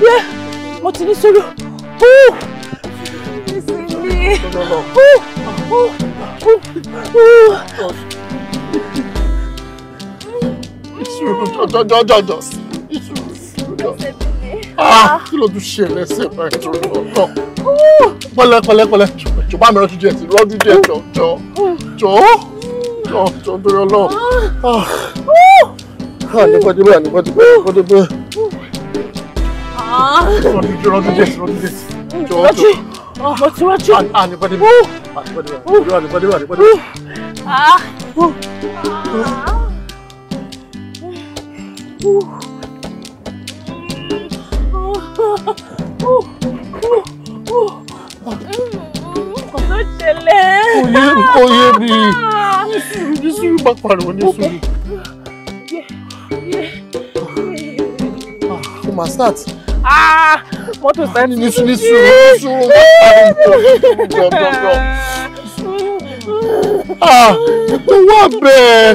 yẹ mo ti ní sórí ìṣòro jọjọjọjọ sí ìṣòro ìṣòro ah, kí ló tún ṣe lẹ́sẹ̀ báyìí tó lọ pẹ̀lẹ́ pẹ̀lẹ́ pẹ̀lẹ́ jọba mi rántí díẹ̀ sí rọdún díẹ̀ jọjọ jọ jọ jọ torí Ọlọ́run àdìpọ́dé bẹ́ẹ̀ àdìpọ́dé bẹ́ẹ̀ àdìpọ́dé bẹ́ẹ̀. rọtí rọtí jẹ rọtí jẹ jọ̀wọ́ jọ. rọtí rọtí. àdìpọ́dé bẹ́ẹ̀ àdìpọ́dé bẹ́ẹ̀ àdìpọ́dé bẹ́ẹ̀ àdìpọ́dé bẹ́ẹ̀. Kò yé mi, kò yé mi, ní sùúrù ní sùúrù bá pariwo ní sùúrù. kí máa start. mọ́tò sẹ́ẹ̀tì ní sùúrù ní sùúrù ní sùúrù ní sùúrù ìpò wà bẹ́ẹ̀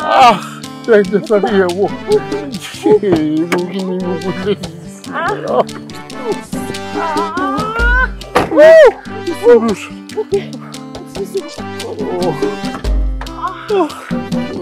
Ah, ló lè yí ìpò wà bẹ́ẹ̀ jẹ́jẹ́ sáré yẹ̀ wò èrò ní gbogbo lè yí. Oh.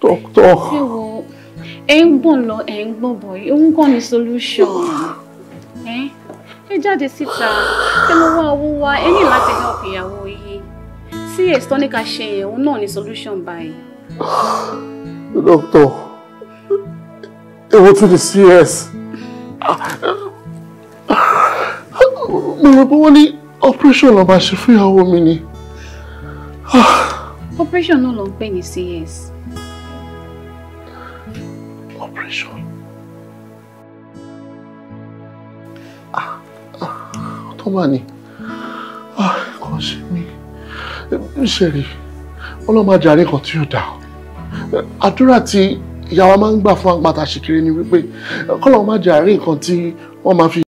Doctor. Ṣé wo ẹ ń gbọ̀n lọ ẹ ń gbọ̀n bọ̀ yìí, òun kàn ní solution. Ẹ jáde síta, ẹ lọ wá owó wá, ẹ ní láti help ìyàwó yìí. Sí ẹ̀sítọ́ ní ká ṣe yẹn, òun náà CS? Mo rò pé operation ló máa ṣe fún ìyàwó mi ni. Ah. operation náà ló ń pè ní CS. operation. Ah. Ah. ọ̀tọ̀ máa ní kàn sí mi ṣèrè ọlọ́mọ ajáre kan tí yóò dà ọ́ àdúrà tí ìyá wa máa ń gbà fún àgbàtà ṣìkiri ni wípé kọ́lọ́ máa nǹkan tí wọ́n máa fi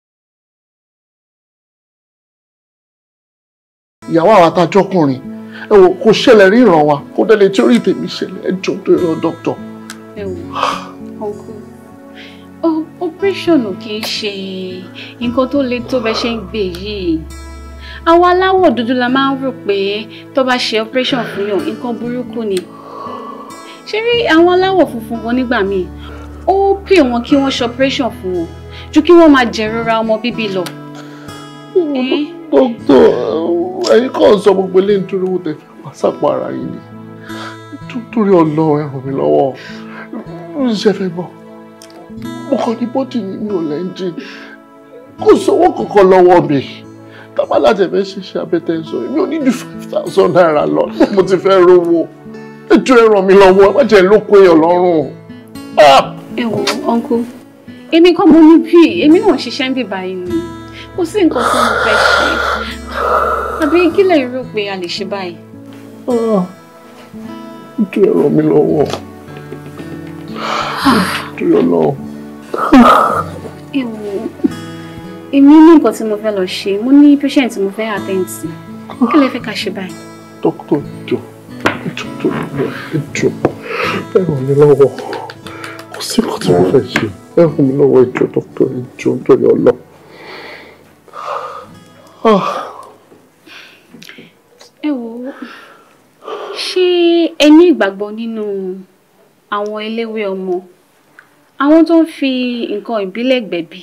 ìyàwó àwọn àtàjọkùnrin ẹ wò kò ṣẹlẹ̀ rí ìràn wa kó délé tí orí tèmi ṣẹlẹ̀ ẹ jọ tó ìrọ̀ dọ́kítọ̀. ẹ wò ọkọ operation kì í ṣe nǹkan tó le tó bẹ ṣe ń gbé yìí àwọn aláwọ̀ dúdú la máa ń rò pé tó bá ṣe operation fún yàn nǹkan burúkú ni ṣé rí àwọn aláwọ̀ funfun gan nígbà míì ó pè wọ́n kí wọ́n ṣe operation fún wọn ju kí wọ́n máa jẹ̀rora ọmọ bíbí lọ. Oh, eh? dókítà ẹ̀yin kọ́ ń sọ gbogbo ilé nítorí owó tẹ fi wá sápò ara yìí ni torí ọlọ́run ẹ ràn mí lọ́wọ́ ṣe fẹ́ bọ̀ mo kàn ní bọ́dì ni mi ò lẹ́ńjìn kò sówó kankan lọ́wọ́ mi tábà láti ẹ̀fẹ́ ṣiṣẹ́ abẹ́tẹ̀ sọ mi ò ní ju five thousand naira lọ mo ti fẹ́ rówó ètò ẹ ràn mí lọ́wọ́ ẹ má jẹ́ lóko èèyàn lọ́rùn. ẹ ah! wo uncle èmi kọ́ mo ní bí èmi náà ṣiṣẹ́ ń bì báyìí ni kò sí nǹkan tí mo fẹ́ ṣe àbí kí lè rò pé a lè ṣe báyìí. Ah, kí ẹ ràn mí lọ́wọ́ ah. kí ẹ lọ. ewu èmi ní nǹkan tí mo fẹ́ lọ ṣe mo ní patient tí mo fẹ́ attend sí kí lè fẹ́ ká ṣe báyìí. dókítà jọ jọ jọ jọ ẹ ràn mí lọ́wọ́ kò sí nǹkan tí mo fẹ́ ṣe ẹ ràn mí lọ́wọ́ ìjọ dókítà ìjọ nítorí ọlọ́ọ̀. Oh. ẹ wo ṣé ẹ ní ìgbàgbọ́ nínú àwọn eléwé ọmọ àwọn tó ń fi nǹkan ìbílẹ̀ gbẹ̀bí.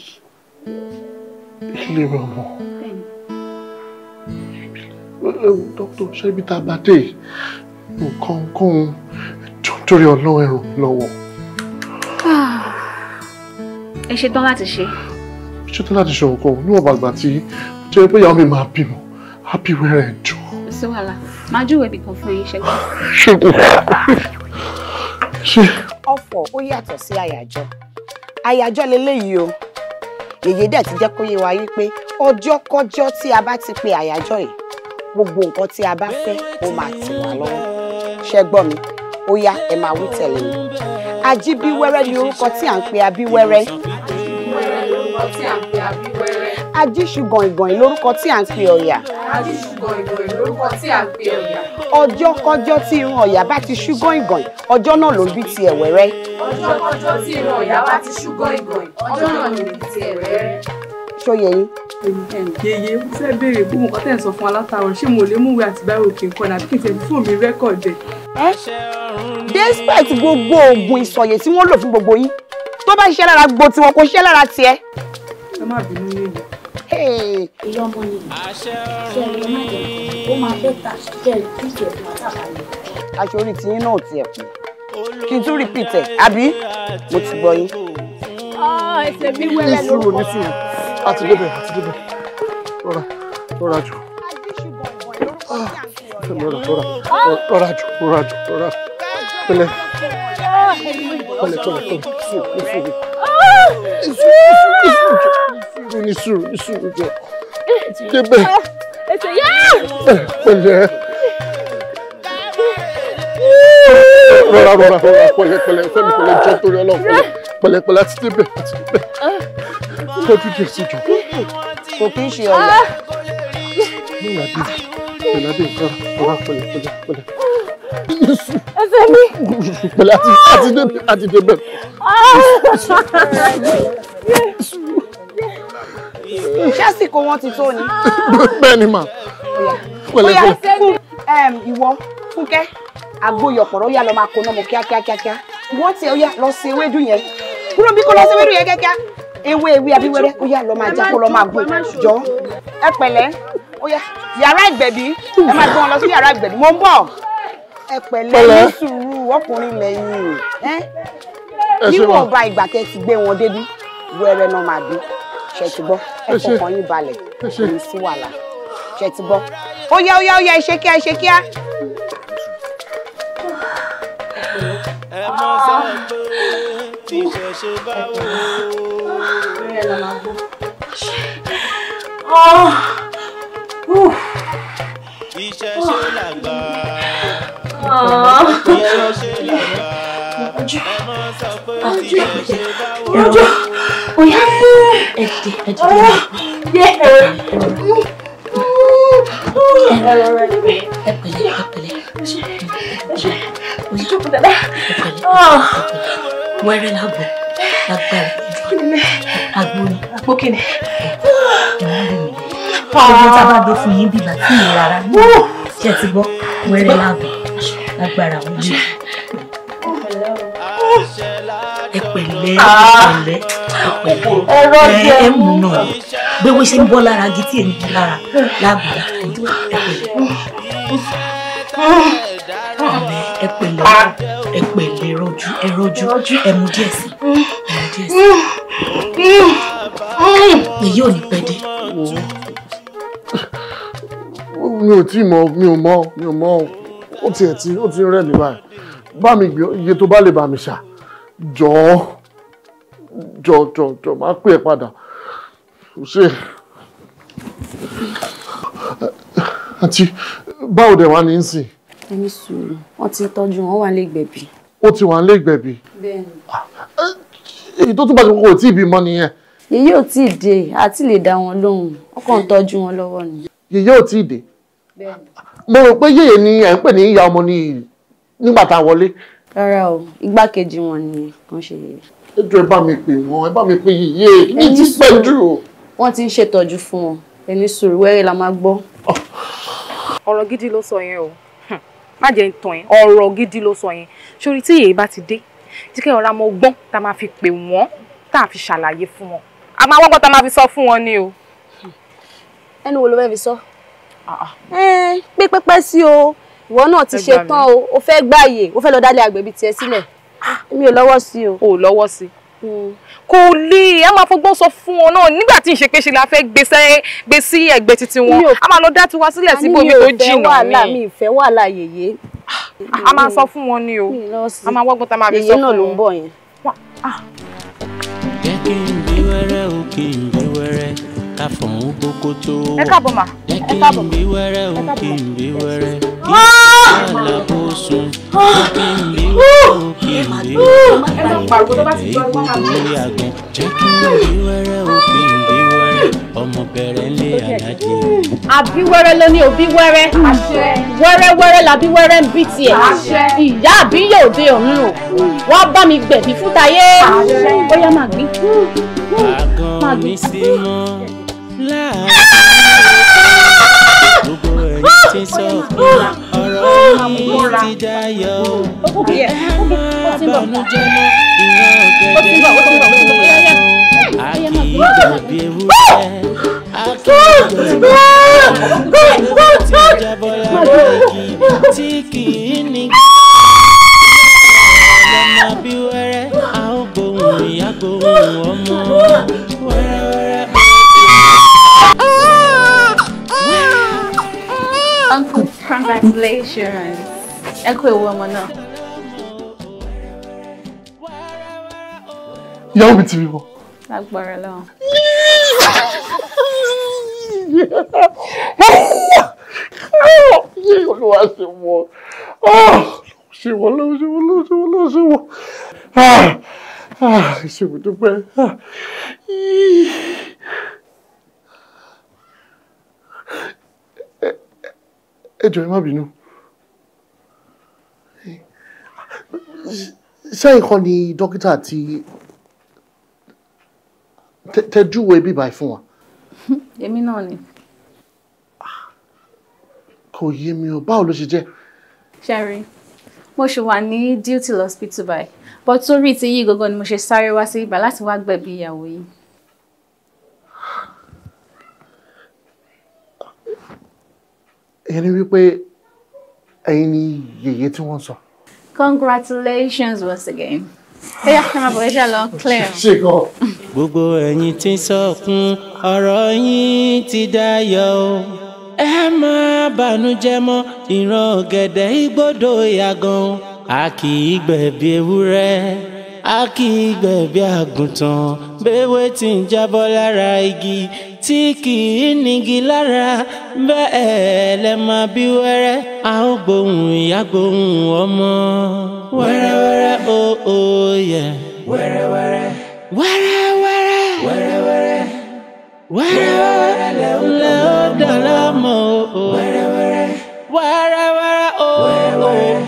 eléwé ọmọ dókítà ṣebí tá a bá dé nǹkan kan torí ọlọ́run ẹ̀rùn lọ́wọ́. Ah. ẹ ṣetán láti ṣe. ṣetán láti ṣe òǹkọ níwọ̀n bàgbà tí tó yẹ pé ìyàwó mi máa bímọ á bí wẹ́rẹ́ jọ. sí wàhálà máa júwèé bìkan fún yín ṣẹ́gun. ṣẹ́gun ṣe. ọ̀fọ̀ ó yàtọ̀ sí àyájọ́ àyájọ́ leléyìí o yèyé dẹ̀ ti jẹ́ kó yé wa yí pé ọjọ́ kọjọ́ tí ti pe àyájọ́ yìí gbogbo nǹkan tí a bá fẹ́ ó máa tì wá lọ́wọ́ ṣẹ gbọ́ mi ó yá ẹ máa wí tẹ̀lé mi ajíbíwẹ́rẹ́ ni orúkọ tí à ń pe abíwẹ́rẹ́. ajíbíwẹ́rẹ́ ni orúkọ tí à ń pe ajíṣugàngàn lórúkọ tí à ń pè ọ̀yà. ajíṣugàngàn lórúkọ tí à ń pè ọ̀yà. ọjọ́ kọjọ́ tí irun ọ̀yà bá ti ṣúgàn ìgàn ọjọ́ náà ló ń bí ti ẹ̀wẹ̀rẹ́. ọjọ́ kọjọ́ tí irun ọ̀yà bá ti ṣúgàn ìgàn ọjọ́ náà ló ń bí ti ẹ̀wẹ̀rẹ́. ṣóyẹ yín. yeye mo fẹ́ béèrè bí mo kọ́ tẹ̀ ń sọ fún alátàrọ̀ ṣé mo lè múwèé àti báwo kí n kọ́ nàbí kí n tẹ̀ fún mi rẹ́kọ̀dì. ẹ despite gbogbo oògùn ìsọyẹ tí wọ́n lò fún gbogbo yín tó bá ṣiṣẹ́ lára gbo tiwọn kò ṣiṣẹ́ lára tiẹ̀. ẹ má bínú yín yìí ìyá ọmọ yìí ṣe ẹ̀rọ má jẹ ó máa fẹ́ ta ṣe ìdíje ẹ̀dùn àtàbàyè. aṣọ orí tiyín náà ti ẹ̀ kù kí n tún repeat ẹ̀ àbí mo ti gbọ́ yín. ẹsẹ̀ mi wẹ́rẹ́ ló kọ́ ní sùúrù àti débẹ̀ àti débẹ̀ rọra rọra jù rọra rọra rọra jù rọra jù rọra pẹ̀lẹ́ pẹ̀lẹ́ pẹ̀lẹ́ pẹ̀lẹ́ sùúrù sùúrù sùúrù sùúrù sùúrù ní sùúrù ní sùúrù jọ débẹ̀ pẹ̀lẹ́ rọra rọra rọra pẹ̀lẹ́ pẹ̀lẹ́ fẹmi pẹ̀lẹ́ jọ torí Ọlọ́run pẹ̀lẹ́ pẹ̀lẹ́ àti débẹ̀ àti débẹ̀ ah. tọ́jú díẹ̀ sí jọ. kò kí n ṣe ọ̀la. mo ah. là dé pẹ̀lẹ́ dé rọra rọra pẹ̀lẹ́ pẹ̀lẹ́ pẹ̀lẹ́. ẹsẹ̀ mi. pẹ̀lẹ́ àti débẹ̀ àti débẹ̀ ṣásìkò wọn ti tó ni. bẹ́ẹ̀ ni mà. bóyá fún ìwọ fúnkẹ́ àgboyọ̀pọ̀rọ̀ yà lọ máa kó náà mọ̀ kíákíá kíákíá wọ́n tiẹ̀ ó yà lọ sí ewédú yẹn kúrò bí kò lọ sí ewédú yẹn kíákíá ewé ewé abíwẹ́rẹ́ ó yà lọ máa já kó lọ máa gbó jọ ẹ pẹ̀lẹ́ ó yà yàrá ìgbẹ̀bí ẹ máa gbé wọn lọ sí yàrá ìgbẹ̀bí mo ń bọ̀ ẹ pẹ̀lẹ́ ní sùúrù ọkùnrin lẹ́yìn níwọ̀nba ìgbà tẹ́ ti gbé wọn débi wẹ́rẹ́ náà máa dé ṣètìbọ ẹ fọkàn yín balẹ̀ kò ní sí wàhálà ṣètìbọ ó yá ó yá ó yá ẹ kíá ẹ kíá. ẹ mọ sọ pé tí ṣẹṣẹ ọjọ́ ọjọ́ ọjọ́ ọyá ẹdẹ ẹdẹ yẹ ẹ pẹ̀lẹ́ ẹ pẹ̀lẹ́ wẹrẹ lágbo lágbára àgbo ni àgbo kìnnì ọgbọ́n tá a bá gbé fún yín bíbá tí ìrora ní ẹ ti gbọ́ wẹrẹ lágbo lágbára òun yìí. pẹ̀lẹ́ ọ̀rọ̀ jẹ ẹmu náà bí wọ́n ṣe ń bọ́ lára igi tí èmi lára lágbàá ẹ pẹ̀lẹ́ ẹ pẹ̀lẹ́ rọjú ẹ rọjú ẹ mu díẹ̀ sí èyí ò ní pẹ́ dé. mi ò tí mọ̀ mi ò mọ̀ mi ò mọ̀ ó ti ẹ̀ tí ó ti ń rẹ̀ báyìí bá mi gbé iye tó bá lè bá mi ṣà jọ̀ọ́ jọ jọ jọ máa pè é padà kò ṣe. àǹtí báwo dẹ̀ wá ní í sìn. ẹni sùúrù wọn ti tọ́jú wọn wà lẹ́gbẹ̀bí. ó ti wà lẹ́gbẹ̀bí. bẹ́ẹ̀ni. Ah, èyí tó tún bá ti kókó tí ì bímọ nìyẹn. yèyé ò tí ì dé àti lè dá wọn lóhùn wọn kàn wọn lọ́wọ́ ni. yèyé ò tí ì dé. mo rò pé yèyé ni ẹ̀ ń pè ní ìyá ọmọ ní nígbà tá a wọlé. rárá o igbákejì wọn ni wọn ṣe yèyé ẹjọ́ ẹ bá mi pè wọ́n ẹ bá mi pè yíyé ní ti pẹ́ jù. wọ́n ti ń ṣètọ́jú fún wọn ẹni sùúrù wẹ́rẹ́ la máa gbọ́. ọ̀rọ̀ gidi ló sọ yẹn o má jẹ́ ń tàn yẹn ọ̀rọ̀ gidi ló sọ yẹn sórí tí èyí bá ti dé tí kẹ́ ọ̀rá mọ ọgbọ́n tá a máa fi pè wọ́n tá a fi ṣàlàyé fún wọn a máa wọ́gbọ́n tá a máa fi sọ fún wọn ni o. ẹnu wo ló fẹ́ fi sọ. Ah, ah. Eh, pé pẹ́pẹ́ sí o ìwọ náà ti ṣe tán o o fẹ́ gbààyè o fẹ́ lọ dálé àgbẹ̀bí tiẹ̀ sílẹ̀ mi ò lọ́wọ́ sí o. o lọ́wọ́ sí. Hmm. kò lè a máa fọgbọ́n sọ fún ọ náà nígbà tí ìṣekéṣe la fẹ́ gbé sí ẹ̀gbẹ́ títí wọn a máa lọ dá tiwa sílẹ̀ síbòmí tó jìnnà mi. mi ò fẹ́ wàhálà yèyé. a máa sọ fún wọn ni o a máa wọ́gbọ́n tá a máa fi sọ fún wọn. yèyé náà ló ń bọ̀ yẹn. jẹ́ kí n bí wẹ́rẹ́ o kí n bí wẹ́rẹ́ ká fọ̀hún kókó tó. ẹ káàbọ̀ mà ẹ káàbọ̀ mà ẹ káàbọ̀ mà alábòsùn òkè mi òkè mi ìwé àgbọn jẹ́ kí n rí wẹ́rẹ́ òkè mi wẹ́rẹ́ ọmọ bẹ̀rẹ̀ lé alájẹ. àbí wẹ́rẹ́ ló ní òbí wẹ́rẹ́ wẹ́rẹ́ wẹ́rẹ́ làbí wẹ́rẹ́ ń bí tiẹ̀ ìyá àbí yóò dé ọ̀run o wá bá mi gbẹ̀bí fúta yé bóyá màá gbé. àgọ́ mi sí mọ́ láàárọ̀ ti sọ pé ọ̀rọ̀ yìí ti dayọ̀ ẹ má bànújẹ́ mọ́ ìran ọ̀gẹ̀dẹ̀ lọ́wọ́ àkìyọ̀ bí ewúrẹ́ àkìyọ̀ bí ewúrẹ́ ti jábọ́ lábẹ́ igi tí kì í ní lọ́mọ bí wẹ́rẹ́ a ó gbóhùn ìyá gbóhùn ọmọ wẹ́rẹ́wẹ́rẹ́. Uncle, congratulations. Ẹ kú ewu ọmọ náà. Ìyàwó mi ti bímọ. Lágbára lọ. Ṣé olúwa ṣe wọ? Ṣé wọ́n lọ́wọ́ ṣe wọ́n lọ́wọ́ ṣe wọ́n lọ́wọ́ ṣe wọ́n? Ṣé ah, ah, mo dúpẹ́? Ah, ẹ jọ̀ọ́ ẹ má bínú ṣé nǹkan ni dókítà ti tẹjúwe bíbá fún wa. èmi náà ni. kò yé mi o báwo ló ṣe jẹ́. ṣẹ́rí mo ṣì wà ní duty lọ́sibítù báyìí bọ́ torí ti yí gangan ni mo ṣe sáré wá sí ibà láti wá gbẹ̀bí ìyàwó yìí. ìyẹn wípé ẹ̀yin ni yèyé tí wọ́n sọ. congratulations once again. ẹyà kí n máa lọ clear. gbogbo ẹ̀yin tí ń ọ̀rọ̀ yín ti dayọ̀ o ẹ máa bànújẹ́ mọ́ ìran ọ̀gẹ̀dẹ̀ igbódò yàgàn a kì í gbẹ̀bí ewúrẹ́ a kì í gbẹ̀bí àgùntàn bẹ́wẹ́ tí ń jábọ́ lára igi tí kì í nígi lára bẹ́ẹ̀ lẹ máa bí wẹ́rẹ́ a ó gbóhùn ìyá gbóhùn ọmọ. wẹ́rẹ́wẹ́rẹ́ o ò yẹ. wẹ́rẹ́wẹ́rẹ́. wẹ́rẹ́wẹ́rẹ́. wẹ́rẹ́wẹ́rẹ́. wẹ́rẹ́wẹ́rẹ́ lẹ ó dọ̀lá mọ́ o. wẹ́rẹ́wẹ́rẹ́. wẹ́rẹ́wẹ́rẹ́ o ò. wẹ́rẹ́wẹ́rẹ́.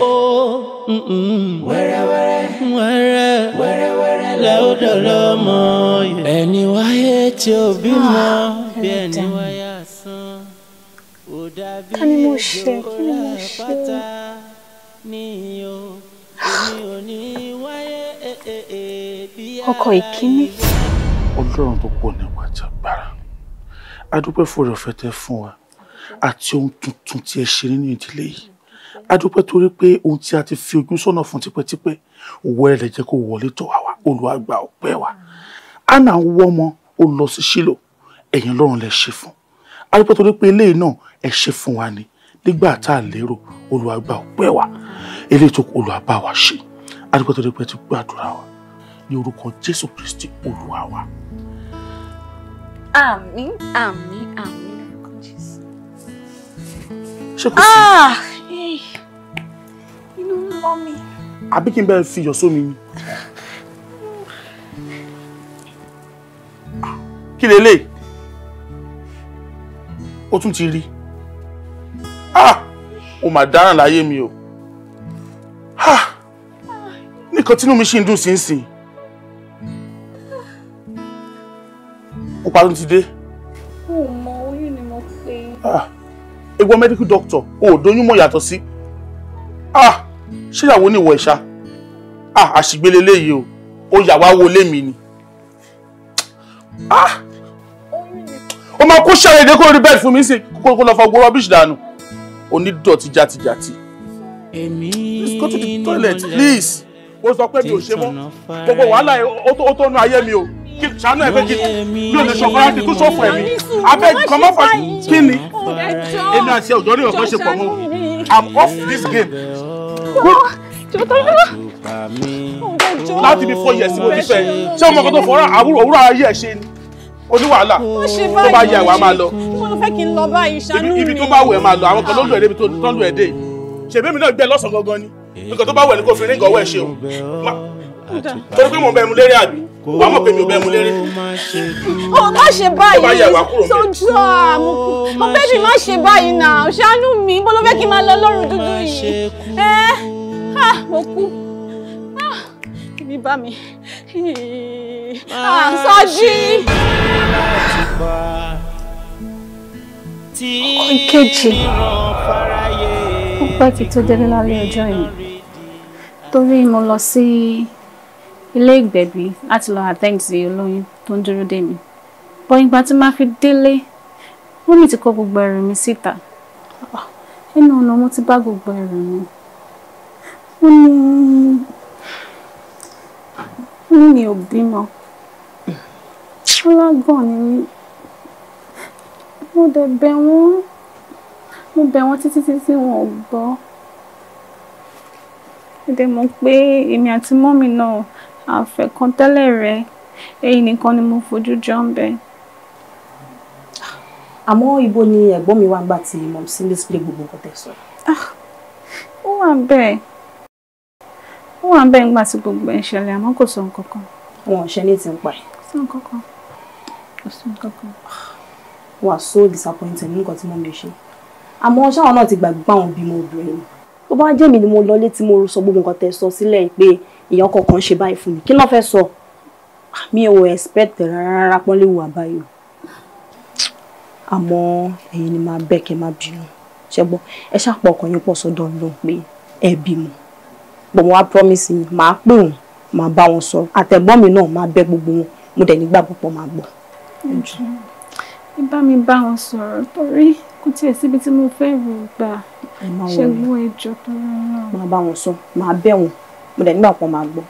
wẹ́rẹ́wẹ́rẹ́ lẹ ó dọ̀lá mọ́ o tí ò bímọ ah, bí ẹni wáyà sán ò dàbí ẹjọ́ rà pátá níyó èmi ò ní wáyé eh, eh, eh, bí ọkọ ìkíní. ọlọ́run tó pọ̀ nípa jàgbára adúpẹ́ fòrò fẹ́tẹ́ fún wa àti ohun tuntun tí ẹ ṣe nínú ìdílé yìí adúpẹ́ torí pé ohun tí a ti fi ojú sọ́nà fún tipẹ́tipẹ́ òwò ẹ̀rẹ̀ jẹ́ kó wọlé tọ̀ wá wá olùwàgbà ọ̀pẹ́ wa a náà wọ́mọ ó lọ sí Ṣílò ẹ̀yin Ọlọ́run lẹ ṣe fún arípẹ́ torí pé eléyìí náà ẹ ṣe fún wa ni nígbà tá a lérò Olúwa gba ọpẹ́ wa eléyìí tó Olúwa bá wa ṣe arípẹ́ torí pé ti gbàdúrà wa ní orúkọ Jésù Kristi Olúwa wa. àmín àmín àmín lórúkọ Jésù. ṣé kò sí. Ah, eh. inú ń lọ mi. àbí kí n bẹ́ẹ̀ fi yọ̀ sómi ni. kí lélẹ̀ ó tún ti rí ah o mà dáràn láyé mi o ah nìkan tínú mi ṣì ń dùn sínsìn ó parọ́ ti dé. o mọ oyún ni mo pe. ah egbọ́ medical doctor o ò doyún mọ́ yàtọ̀ sí ah ṣéyàwó ni ìwọ ẹ̀ṣá ah àṣìgbélé léyìí o ó yà wá wọlé mi ni ah o máa kó ṣàyẹ̀dẹ́ kó rí bẹ́ẹ̀ fún mi sí kó lọ fọgbọ́ rubbish dànù onídọ̀tí játijàti. èmi Just go to the toilet please. o sọ pé mi ò ṣe mọ́ gbogbo wàhálà ó tó nu ayé mi o kí sànú ẹ fẹ́ kí mi ò lè sọ fúnra kí tó sọ fún ẹ̀mí abẹ́ kọ́mọ́ fà kí ni èmi àti ọ̀dọ́ ní ọ̀kan ṣe pọ̀ mọ́ I'm off this game. láti bí four years mo ti fẹ́ ṣé ọmọ kan tó fọ́ra àwùrọ̀ ayé ẹ̀ ṣe ni oníwàhálà tó bá yẹ àwa máa lọ ibi tó bá wù ẹ máa lọ àwọn kan ló lù ẹ débi tó lù ẹ dé yìí ṣèbí mi náà gbẹ lọ́sàn gangan ni nǹkan tó bá wù ẹ ní kò fi ní ìgọ̀wọ́ ẹ ṣe o torí pé mo bẹ mu léré àbí wàá mọ̀ pé mi ò bẹ mu léré. o má ṣe báyìí sojú àmú o bẹ́ẹ̀ni má ṣe báyìí náà ṣàánú mi bó ló fẹ́ kí n máa lọ lọ́rùn dúdú yìí ẹ mo kú ibi ah, bá mi. àṣáájú. Ah, ìkejì ó pẹ́ kí tó délé lálẹ́ ọjọ́ yìí torí mo lọ sí ilé ìgbẹ̀bí láti lọ attend sí olóyún tó ń dúró dè mí bọ́ ìgbà tí máa fi délé mọ́mì ti kó gbogbo ẹrù mi síta nínú ah, ọ̀nà mo ti bá gbogbo mi mi ò bímọ fúlágàn ni mí mo dẹ̀ bẹ̀ wọ́n mo bẹ̀ wọ́n títí títí wọn ò gbọ́ mo dẹ̀ mọ̀ pé èmi àti mọ́mì náà àfẹ́kàn tẹ́lẹ̀ rẹ̀ èyí nìkan ni mo fojú jọ ń bẹ. àmọ́ ibo ni ẹ̀gbọ́n mi wá gbà tí mọ̀mí sí display gbogbo nǹkan tẹ̀ sọ. Ah, ó wà bẹ́ẹ̀ ó wà bẹ́ẹ̀ nígbà tí gbogbo ẹ̀ ṣẹlẹ̀ àmọ́ kò sọ nǹkan kan. wọn ò ṣe ní ti ń pa ẹ̀. sọ nǹkan kan kò wà so disappointed ní nǹkan tí mo mi ṣe àmọ́ ṣáwọn náà ti gbàgbé àwọn bímọ obìnrin tó bá jẹ́ mi ni mo lọlé tí mo sọ gbogbo nǹkan tẹ́ sọ sílẹ̀ pé èèyàn kọ̀ọ̀kan ṣe báyìí fún mi kí ló fẹ́ sọ mi ò expect rárá pọ́nlé wù àbáyọ àmọ́ ẹ̀yin ni máa bẹ̀ kẹ́ máa bínú ṣẹ́gbọ́n ẹ ṣàpọ̀ ọkàn yín pọ̀ sọ́dọ̀ lọ pé ẹ bímọ gbọ̀n wá promise mi màá pè wọ́n màá bá wọn sọ àtẹ̀gbọ́n mi náà máa bẹ̀ gbogbo wọn mo dẹ̀ nígbà púpọ̀ máa gbọ́ ẹ bá mi bá wọn sọ̀rọ̀ torí kò tiẹ̀ síbi tí mo fẹ́ rò gbà ṣẹ́gun ẹjọ́ tó rọrùn. máa bá wọn sọ máa bẹ̀ wọ́n mo dẹ̀ nígbà kan máa gbọ́.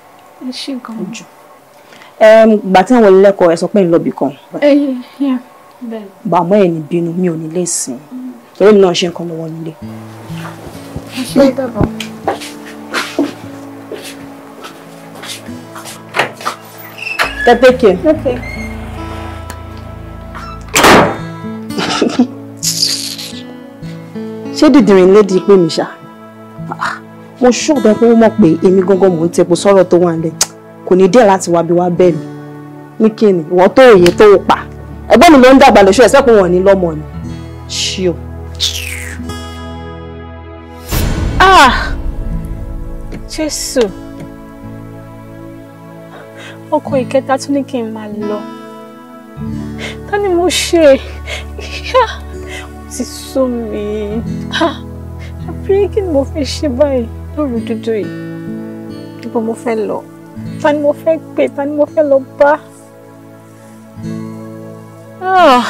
ẹ ṣe gan-an. gbà tí àwọn ẹlẹ́kọ̀ọ́ ẹ sọ pé ń lọ bì kan. bàmọ́ ẹ̀ ní bínú mi ò ní lè sìn torí mi náà ṣe nǹkan lọ́wọ́ nílé. ẹ ṣe dábàá mi. Take care. Okay. ṣé dìdìrín lédi pé mi ṣá ah, mo ṣọ́ọ̀bẹ pé ó mọ̀ pé èmi gangan mò ń tepo sọ́rọ̀ tó wà nílẹ̀ kò ní dé láti wá bí wá bẹ́ẹ̀ mi ní kíni ìwọ́n tó òye tó o pa ẹgbẹ́ mi ló ń dàgbà lóṣù ẹ̀sẹ̀ pé wọ́n ní lọ́mọ ni ṣíò. Ah, jésù ọkọ ìkẹta tún ní kí n máa lọ ta ni mo ṣe ti sú mi àbúrò kí ni mo fẹ́ ṣe báyìí lóru dúdú yìí níbo mo fẹ́ lọ ta ni mo fẹ́ pè ta ni mo fẹ́ lọ bá. Ah!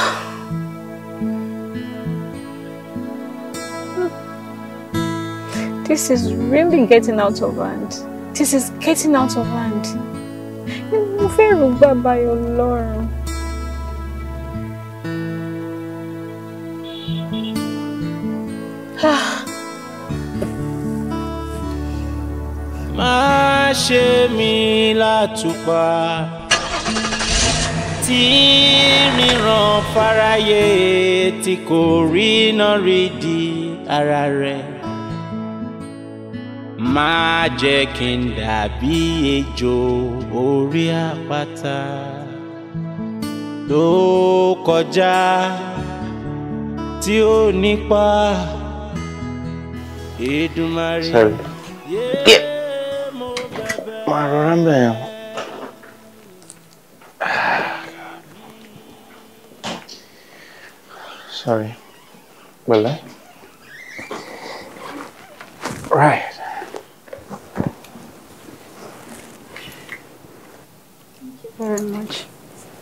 This is really getting out of hand. This is getting out of hand. Mo fẹ́ rògbà báyọ̀ lọ́rùn. má ṣe mí látùpà tí ríran faraye tí kò ríná rídìí ara rẹ̀ má jẹ́ kí n dàbí ejò orí àpáta tó kọjá tí ó nípa sẹ́rí díẹ̀ máa rọra ń bẹ̀rẹ̀ wọn. Sorry. Pẹ̀lẹ́. Right. very much.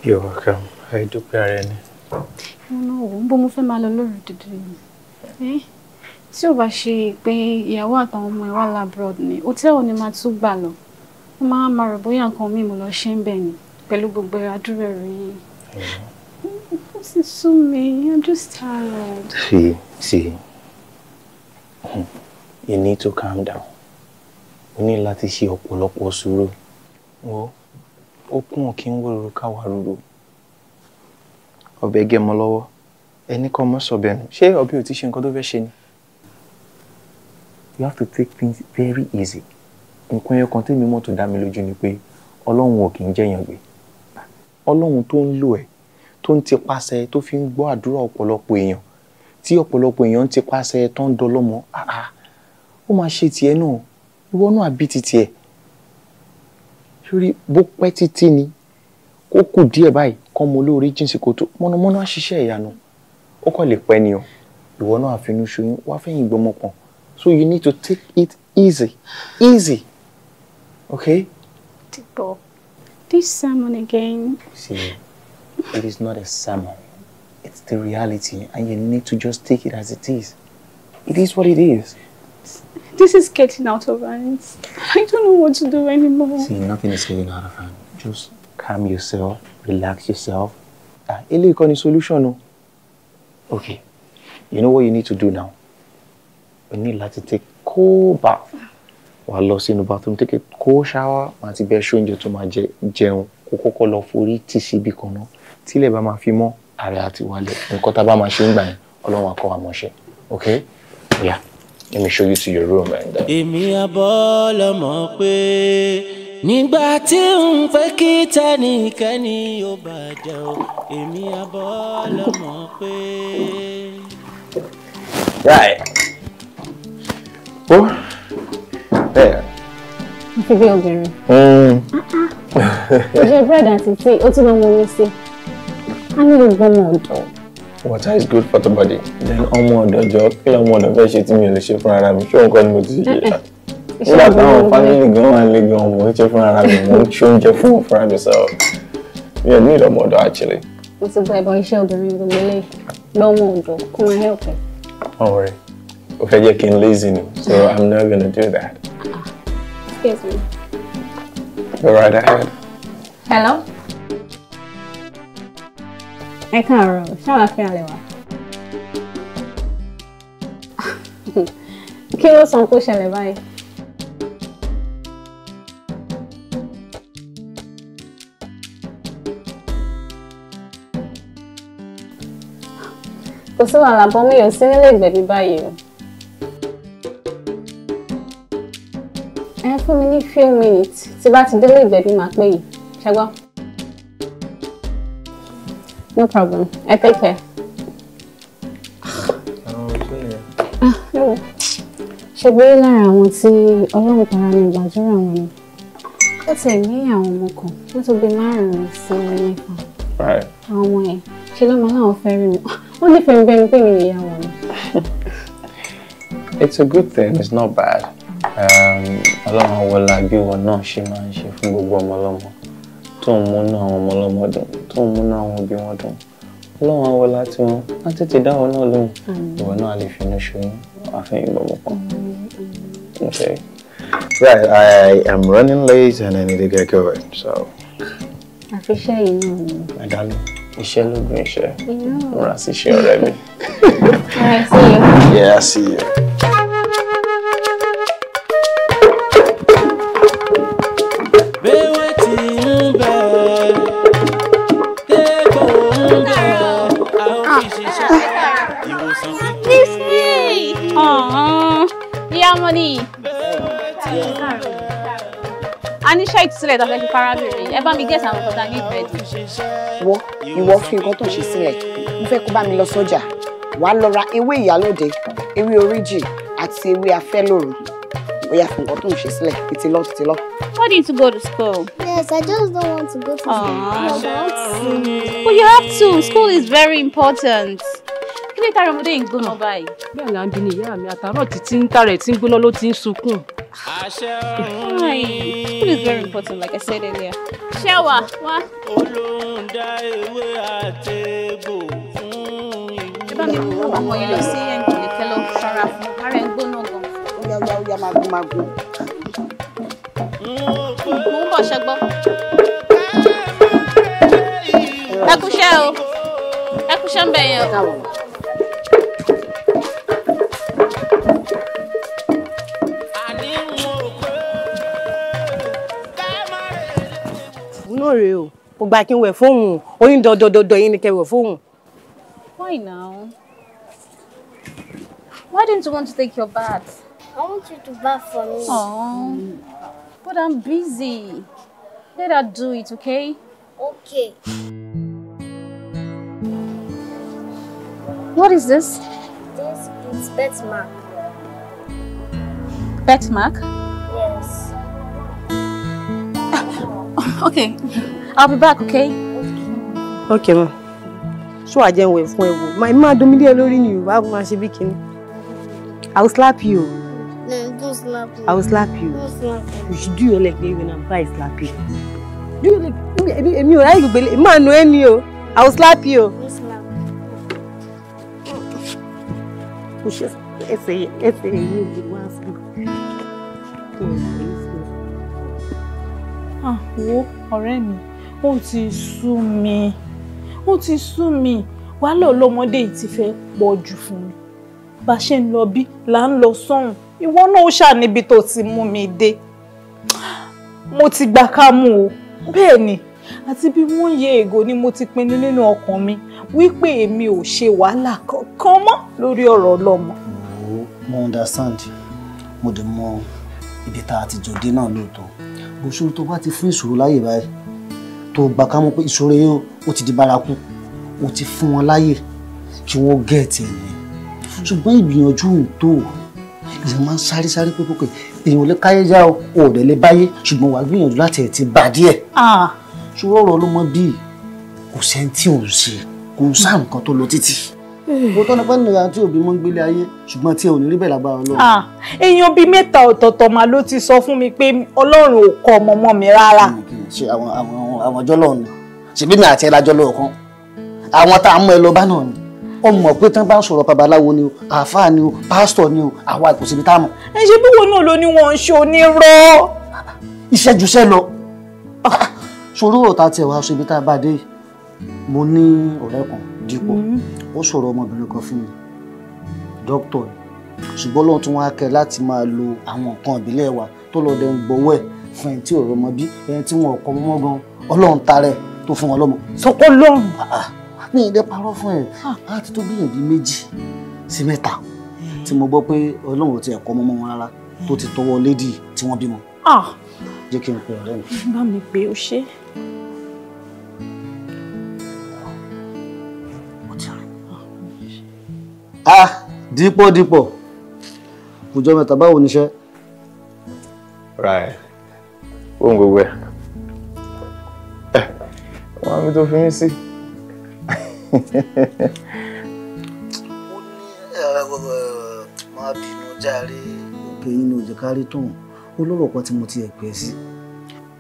You're welcome. I do pray any. No, no, mo fẹ́ máa lọ lórí dídì. Eh? tí ò bá ṣe pé ìyàwó àtàwọn ọmọ ẹ wà labroad ni hòtẹ́ẹ̀lì ni máa tún gbà lọ wọ́n máa máa rò bóyá nǹkan míì mo lọ ṣe ń bẹ̀ ni pẹ̀lú gbogbo àdúrà rẹ̀ yìí. ó sì sú mi i'm just tired. see see you need to calm down o ní láti ṣe ọ̀pọ̀lọpọ̀ sùúrù wọ́n ó kún kí n wòrò káwa rúru ọbẹ̀ gẹ́mọ lọ́wọ́ ẹni kọ́ ọmọ sọ̀bẹ̀nu ṣé ọbẹ̀ ò ti ṣe nǹkan tó fẹ́ ṣe ni you have to take things very easy nǹkan ẹyọ kan tẹ́mi mọ̀ tó dá mi lójú ni pé ọlọ́run ò kì í jẹ́yàn gbé ọlọ́run tó ń lò ẹ́ tó ń tipasẹ̀ tó fi ń gbọ́ àdúrà ọ̀pọ̀lọpọ̀ èèyàn tí ọ̀pọ̀lọpọ̀ èèyàn ń tipasẹ̀ tó ń dọlọ́mọ àá ó máa ṣe tiẹ̀ náà ìwọ náà àbí ti tiẹ̀ sórí bó pẹ́ títí ni kó kù díẹ̀ báyìí kọ́ mo lórí jíǹsì kò tó mọ̀nàmọ́ná ṣiṣẹ́ ìyanu ó kọ́ lè pẹ́ ni o ìwọ náà àfinú ṣoyún wá fẹ́yìn gbọmọ kan So you need to take it easy. Easy. Okay? Tipo, this sermon again. See, it is not a sermon. It's the reality and you need to just take it as it is. It is what it is. This is getting out of hands. I don't know what to do anymore. See, nothing is getting out of hand. Just calm yourself, relax yourself. Ah, uh, solution. Okay. You know what you need to do now? o ní láti take cold bath wà lọ sínú bathroom take a cold shower ti bẹ́ẹ̀ ṣóúnjẹ tó máa jẹun kó kọ́kọ́ lọ forí tì sí ibì kan náà tílẹ̀ bá máa fi mọ́ ààrẹ àti wálẹ̀ nǹkan tá a bá máa ṣe ń gbà yẹn ọlọ́run àkọ́ wa mọ̀ ok yeah let me show you to your room and then. Uh, èmi àbọ̀ lọ́mọ pé nígbà tí n fẹ́ kí tẹnikẹ́ni ó bàjẹ́ o èmi àbọ̀ lọ́mọ pé. right ó ẹ. àfi bí obìnrin. ìjẹ bread àti tea ó tún lọ mú i á nílò gbọmọ ọ̀dọ̀. water is good for the body then ọmọ ọ̀dọ̀ jọ kí lọmọ ọ̀dọ̀ fẹ́ ṣe tí mi ò lè ṣe fún ara mi ṣé òun kọ́ ni mo ti ṣe nígbà táwọn fámìlì gan wà lé gan mò ń ṣe fún ara mi mò ń ṣe oúnjẹ fún wọn fúnra mi sọ mi ò ní ìlọmọ ọ̀dọ̀ actually. mo ti gba ìbọn iṣẹ́ obìnrin gbogbo lẹ́yìn lọ́mọ ọ̀dọ̀ kó máa help ọ̀rẹ́ ó fẹ́ lazy so i'm not gonna do that. excuse me. go right ahead. hello. ẹ káàárọ̀ ṣáà fẹ́ alẹ́ wa. kí ló sàn kó ṣẹlẹ̀ báyìí. kò sí wàhálà bọ́ mi ò sí ní few minutes tí bá ti délé ìgbẹ̀bí máa pè yìí ṣẹgbọ́n. no problem I take care. àwọn òtún nìyẹn. ṣe gbé lára àwọn tí ọlọ́run tara ní ìgbàjọ́ra wọn ni ó ti ní àwọn ọmọ kan wọ́n tó bí márùn-ún sí mẹ́fà àwọn ọmọ yẹn ṣe ló máa láwọn fẹ́ rí mi ó nífẹ̀ẹ́ mi bẹ́ẹ̀ ni pé mi nìyá wọn It's a good thing, it's not bad. Um, ọlọ́run wọlá bí wọn náà ṣe máa ń ṣe fún gbogbo ọmọ tó ń múnú àwọn ọmọ dùn tó ń múnú àwọn òbí wọn dùn ọlọ́run awọlá tí wọn á tètè dá wọn náà lóhùn ìwọ náà lè finú ṣoyún àfẹ́yìn gbọmọ kan. Okay. Right, I am running late and I need to get going, so. Àfiṣẹ́ yìí náà ni. Àdálù, iṣẹ́ lóògùn iṣẹ́. Múra sí iṣẹ́ ọ̀rẹ́ mi. see you. Yeah, I see you. mọ́nì yìí. a ní ṣáà ìtúsílẹ̀ tó fẹ́ fi fara bèrè ẹ bá mi gẹ̀ẹ́sì àwọn ọ̀tá nífẹ̀ẹ́ dùn. wọ ìwọ fi nǹkan tó ṣe sílẹ̀ mo fẹ́ kó bá mi lọ sọ́jà wàá lọ ra ewé ìyálòde ewé oríjì àti ewé afẹ́lòrò bóyá fún nǹkan tó ń ṣe sílẹ̀ títí lọ títí Why do you to go to school? Yes, I just don't want to go to school. Aww. school. But well, you have to. School is very important dé tára ọmọdé yìí ń gbóná báyìí. bẹ́ẹ̀ ni àbí ni ìyá mi àtàárọ̀ títí ń tààrẹ̀ tí ń gbóná ló ti ń sunkún. Food is very important, like I said earlier. Shower, wá. Olóńdá ewé àtẹ̀gbò fún ìlú. Ẹ bá mi kú ọmọ yẹn lọ sí ẹ̀ǹkọ̀lẹ̀ kẹ́lọ́ ṣọ́ra fún ara ẹ̀ ń gbóná gan. Ó yá ó máa gún máa gún. Mo ń bọ̀ ṣẹ́gbọ́. Ẹ o. Ẹ ń bẹ̀ o. náà rèé o kò gbà kí n wẹ̀ fóun do do yín ni kẹ́ wẹ̀ fóun. Why now? Why don't you want to take your bath? I want you to bath for me. Oh, mm. but I'm busy. Let her do it, okay? Okay. What is this? This is bet mark. Bet mark? okay. I'll be back, okay? Okay, ma. So I just wait for you. My mom don't need alone you. I will she be king. I will slap you. No, don't slap me. I will slap you. Don't slap me. You should do your leg when I'm by slap you. Do your leg. Èmi, èmi, I will believe. Man, no any I will slap you. Don't slap. You it. Essay, essay, you will àwo ọ̀rẹ́ mi ó ti sú mi ó ti sú mi wàhálà ọlọ́mọdé yìí ti fẹ́ pọ̀ jù fún mi bá ṣe ń lọ bí là ń lọ sọ́hùn ìwọ náà ṣà níbi tó ti mú mi dé mo ti gbà kámú o bẹ́ẹ̀ ni àti bí wọ́n yẹ ègò ni mo ti pinnu nínú ọkàn mi wípé èmi ò ṣe wàhálà kankan mọ́ lórí ọ̀rọ̀ ọlọ́mọ. mo understand mo dẹ̀ mọ ibi tá a ti jòdè náà lóòótọ́ òṣòro tó bá ti fún ìṣòro láyè báyìí tó gbà ká mọ̀ pé ìṣòro yẹn ó ti di bárakú ó ti fún wọn láyè kí wọ́n gẹ̀ẹ́tì ẹ̀ nìyẹn ṣùgbọ́n ìgbìyànjú ń tó ìyẹn máa ń sáré sáré pé kókè èèyàn lè káyé já o ò dẹ̀ lè báyé ṣùgbọ́n wàá gbìyànjú láti ẹ̀ ti bà díẹ̀ ah. ṣùgbọ́n ọ̀rọ̀ ọlọ́mọ bíi kò sẹ́ni tí òun ṣe kò sáà nǹkan tó lọ títí òótọ́ ni pé nìyà tí òbí mọ́ ń gbélé ayé ṣùgbọ́n tí ẹ ò ní rí bẹ́ẹ̀ lágbára ọlọ́run. Ah, èèyàn bíi mẹ́ta ọ̀tọ̀ọ̀tọ̀ mà ló ti sọ fún mi pé ọlọ́run ò kọ ọmọ ọmọ mi rárá. ṣe àwọn àwọn àwọn ọjọ́ lọ́run ni ṣèbí mi àti ẹ lájọ́ lọ́ọ̀ kan àwọn tá a mú ẹ lọ bá náà ni ó mọ̀ pé tán bá ń sọ̀rọ̀ babaláwo ni o àáfàá ni o pásítọ̀ ni o àwa kò síbi tá a mọ̀. ẹ ṣe bí wọn náà ló ní wọn ń ṣe onírọ́. iṣẹ́ juṣẹ́ lọ ah, ṣòro ọ̀tá ibi tá a bá dé mo ní ọ̀rẹ́ kan dípò mm-hmm. ó sọ̀rọ̀ ọmọbìnrin kan fún mi dókítà ṣùgbọ́n lóun tún wá kẹ́ láti máa lo àwọn nǹkan ìbílẹ̀ wa tó lọ́ọ́ dẹ̀ ń gbowó ẹ̀ fún ẹni tí ò rọmọ bí ẹni tí wọn kọ mọ́ gan ọlọ́run tarẹ̀ tó fún wọn lọ́mọ. sọkọ lọrun. Ah, ah. mi ì lè parọ́ fún ẹ láti ah. tó gbìyànjú méjì sí mẹ́ta tí mo gbọ́ pé ọlọ́run ò tiẹ̀ mọ́mọ́ wọn rárá tó ti tọwọ́ lédìí tí wọ́n bímọ. jẹ́ kí n pe ọ̀rẹ́ mi. bá mi pé o ṣe é. ah dípò dípò òjò mẹ́ta báwo níṣẹ́. right ohun gbogbo ẹ ẹ wọn á mi tó fi mí sí. mo ní máa bínú járe. o yín ni òjò kárí tóun olóró kan tí mo ti ẹ̀pẹ́ sí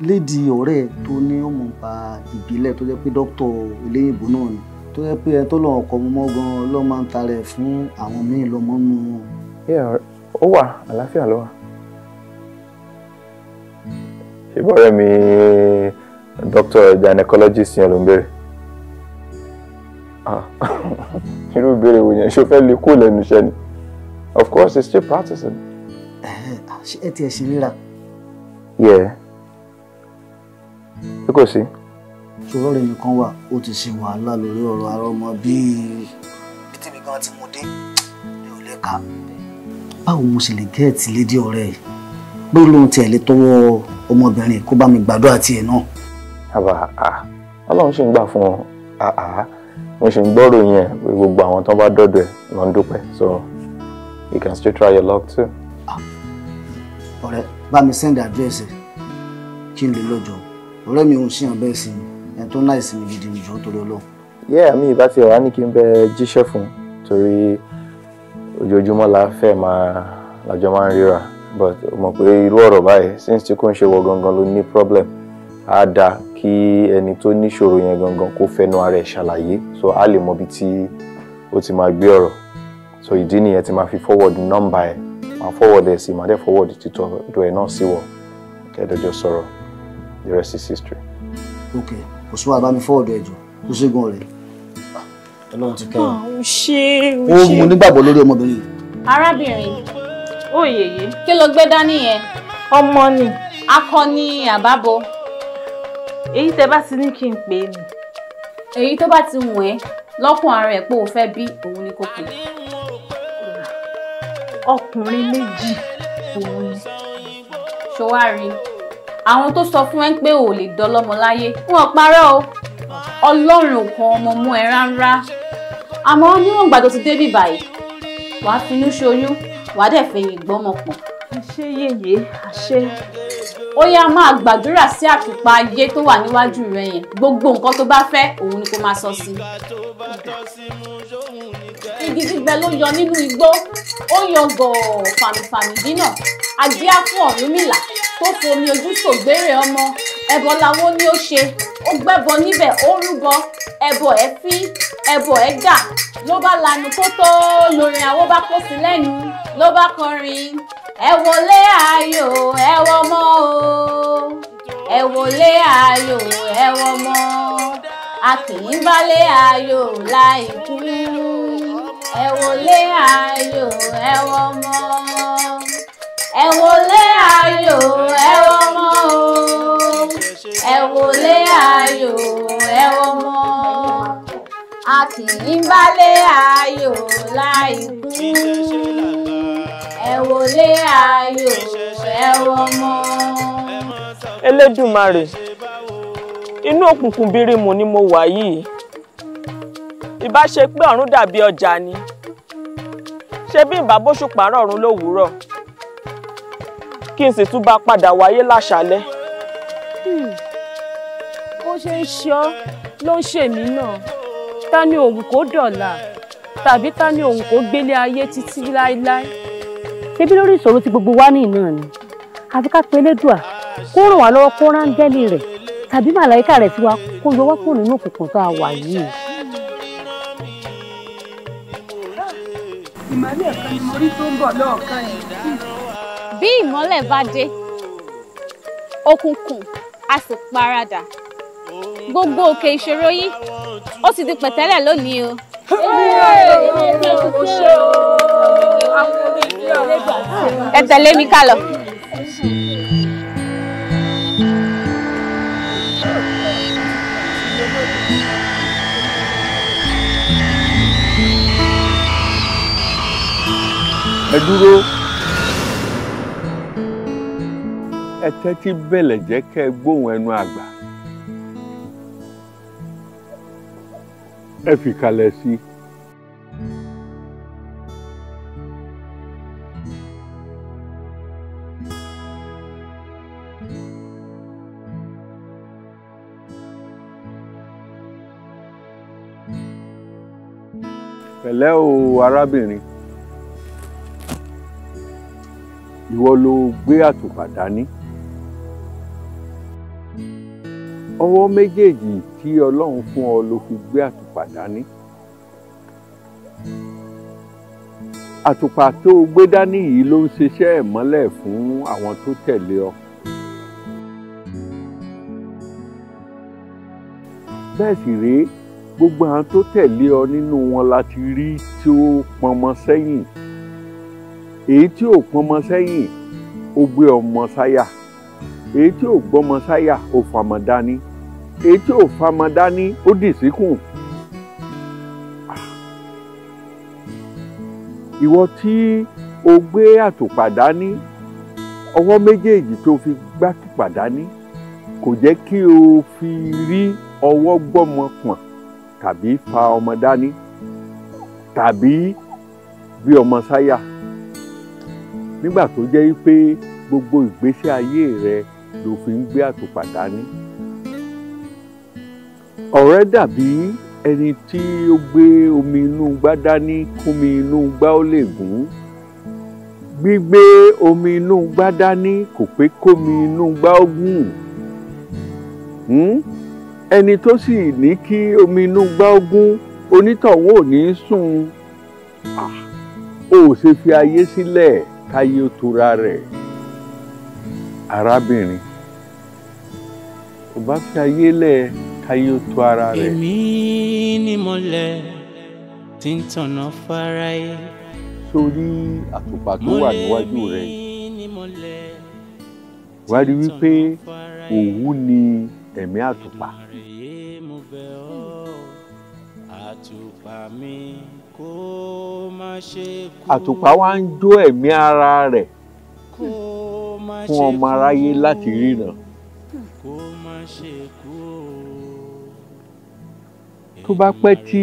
lédi ọ̀rẹ́ tó ní ọmọ nípa ìbílẹ̀ tó jẹ́ pé dókítà olóyìnbó náà ni tó yẹ pé ẹni tó lọ́wọ́ ọkọ̀ mọ́ gan ló máa ń tarẹ̀ fún àwọn míì lọ́mọ nù wọn. ó wà àlàáfíà ló wà. ṣùgbọ́n ọ̀rẹ́ mi doctor gynecologist yẹn ló ń béèrè. Ah, irú ìbéèrè wo yẹn ṣó fẹ́ lè kó lẹ́nu iṣẹ́ ni of course he's still practicing. ṣé ẹ tiẹ̀ ṣe ríra. yẹ ẹ kò sí. Yeah ṣòro èèyàn kan wà ó ti ṣe wàhálà lórí ọ̀rọ̀ ara ọmọ bíi. bítẹ́mi gan tí mo dé mi ò lè kà. báwo mo ṣe lè gẹ́ẹ̀tì lédè ọ̀rẹ́ ẹ̀ pé lóun tiẹ̀ lè tọwọ́ ọmọbìnrin kó bá mi gbàdúrà tiẹ̀ náà. àbá ọlọ́run ṣì ń gbà fún wọn mo ṣì ń gbọ́rò yẹn pé gbogbo àwọn tó bá dọ́dọ̀ ẹ̀ ló ń dúpẹ́ so you can still try your luck too. ọ̀rẹ́ bá mi send address kí n lè lọ́jọ́ ọ̀rẹ́ mi ò ń ṣìyàn bẹ́ẹ̀ mi tó ń láìsí mi gidi jù torí ọlọ́run. yẹ́ àmì ìbá tiẹ̀ wá ní kí n bẹ jíṣẹ́ fún torí ojoojúmọ́ la fẹ́ máa lájọ máa ń ríra but mọ̀ pé irú ọ̀rọ̀ báyìí since tí kò ń ṣe wọ gangan ló ní problem á da kí ẹni tó níṣòro yẹn gangan kó fẹnu ara ẹ̀ ṣàlàyé so á lè mọ ibi tí ó ti máa gbé ọ̀rọ̀ so ìdí nìyẹn tí máa fi forward nọ́mbà ẹ̀ máa forward ẹ̀ sí máa dẹ́ forward títọ́ ọ̀dọ̀ ẹ̀ náà sí wọ̀ kẹ́ẹ̀dọ́jọ́ sọ̀rọ̀ the rest is history. okay kò sún àbámi fọ́ọ̀dù ẹ̀jọ̀ tó ṣẹ́gun ọ̀rẹ́ ọlọ́run ti kẹ́yìn. Oh, oh, ó ṣe ó ṣe ó nígbàgbọ́ lórí ọmọbìnrin. arábìnrin ó yèyé kí ló gbé dání yẹn. ọmọ ni. akọni àbábọ. èyí tẹ bá ti ní kí n pè é nì. èyí tó bá ti wù ẹ́ lọ́kùn ara ẹ̀ pé o fẹ́ bí òun ni kò pè. ọkùnrin méjì òun ni. ṣọwárí àwọn tó sọ fún ẹ pé ò lè dọlọ́mọ láyé wọn parọ́ o ọlọ́run ò kan ọmọ mú ẹ rárá àmọ́ níwọ̀n ìgbà tó ti débì báyìí wàá finú ṣoyún wàá dẹ̀ fẹ̀yìn gbọ́mọ pọ̀. àṣé yèyé àṣé. ó yá máa gbàdúrà sí àtùpà ayé tó wà níwájú rẹ yẹn gbogbo nǹkan tó bá fẹ́ òun ni kó máa sọ sí. igi gbígbẹ ló yọ nínú igbó ó yọ gọ̀ọ̀ fàmìfàmì dínà agbíá fún Ọ̀rúnmìlà tó fomi ojú sògbére ọmọ ẹbọ lawó ni ó ṣe ó gbẹ́bọ níbẹ̀ ó rúbọ ẹbọ ẹ fí ẹbọ ẹ dà ló bá lanu tó tó lórin àwo bá kó sí lẹ́nu ló bá kọrin ẹ wọlé ayò ẹ wọmọ o ẹ wọlé ayò ẹ wọmọ a kì í bálé ayò láì kú ẹ wọlé ayò ẹ wọmọ ẹ wọlé ayò ẹ wọmọ o ẹ wọlé ayò ẹ wọmọ a kì í bálé ayò láìkú ẹ wọlé ayò ẹ wọmọ. Elédùmarè inú òkùnkùn bírímù ni mo wà yìí ìbá ṣe pé ọ̀run dàbí ọjà ni ṣé bí ìbá bóṣùpá rọ̀run lówùúrọ̀ kí n sì tún bá padà wáyé láṣálẹ́. Hmm. bó ṣe ń ṣọ́ ló ń ṣèmí náà ta ni òun kò dọ̀là tàbí ta ni òun kò gbélé ayé títí láéláé. ṣebí lórí ìṣòro tí gbogbo wa ní ìná ni àfi ká pe elédùà kó ràn wá lọ́wọ́ kó ráńgẹ́lì rẹ̀ tàbí màláìka rẹ̀ sí wa kó yọ wá kúrò nínú òkùnkùn tó a wà yìí. ìmọ̀lẹ́ kan ni mo rí tó ń bọ̀ lọ́ọ̀kan yìí bí ìmọ́lẹ̀ bá dé òkùnkùn a sì paradà gbogbo òkè ìṣòro yín ó ti di pẹ̀tẹ́lẹ̀ lónìí o. ẹ tẹ̀lé mi ká lọ. ẹ dúró. ẹ tẹ́tí bẹ̀lẹ̀ jẹ́ kẹ́ ẹ gbóhùn ẹnu àgbà ẹ fi kalẹ̀ sí i. pẹ̀lẹ́ o arábìnrin ìwọ ló gbé àtùpà dání. ọwọ́ méjèèjì tí ọlọ́run fún ọ ló fi gbé àtùpà dání àtùpà tó o gbé dání yìí ló ń ṣiṣẹ́ ìmọ́lẹ̀ fún àwọn tó tẹ̀lé ọ. bẹ́ẹ̀ sì rèé gbogbo àwọn tó tẹ̀lé ọ nínú wọn la ti rí tí ó pọnmọ sẹ́yìn èyí tí ò pọnmọ sẹ́yìn ó gbé ọmọ sáyà èyí tí ò gbọ́mọ sáyà ò fàmọ̀ dání èyí tí ò fàmọ̀ dání ó dì síkùn. ìwọ tí o gbé àtùpà dání ọwọ́ méjèèjì tó fi gbàtùpà dání kò jẹ́ kí o fi rí ọwọ́ gbọ́mọ pọ̀n tàbí fa ọmọ dání tàbí bí ọmọ sáyà nígbà tó jẹ́ pé gbogbo ìgbésí ayé rẹ̀ ló fi ń gbé àtùpà dání. ọ̀rẹ́ dàbí ẹni tí ó gbé omi inú gbá dání kómi inú gbá ó lè gùn gbígbé omi inú gbá dání kò pé kómi inú gbá ó gùn hmm? ẹni tó sì ní kí omi inú gbá ó gùn onítọ̀hún ò ní sùn ah! ó ṣe fi ayé sílẹ̀ káyé ó tura rẹ̀ arábìnrin kò bá fi ayé lẹ̀ káyé ó tó ara rẹ̀. èmi ni mo lẹ̀ tí ń tọ̀nà fáráyé. sórí àtùpà tó wà níwájú rẹ̀ wá wípé òwú ni ẹ̀mí àtùpà. àtùpà wa ń jó ẹ̀mí ara rẹ̀ fún ọmọ aráyé láti ríran. tó bá pẹ́ tí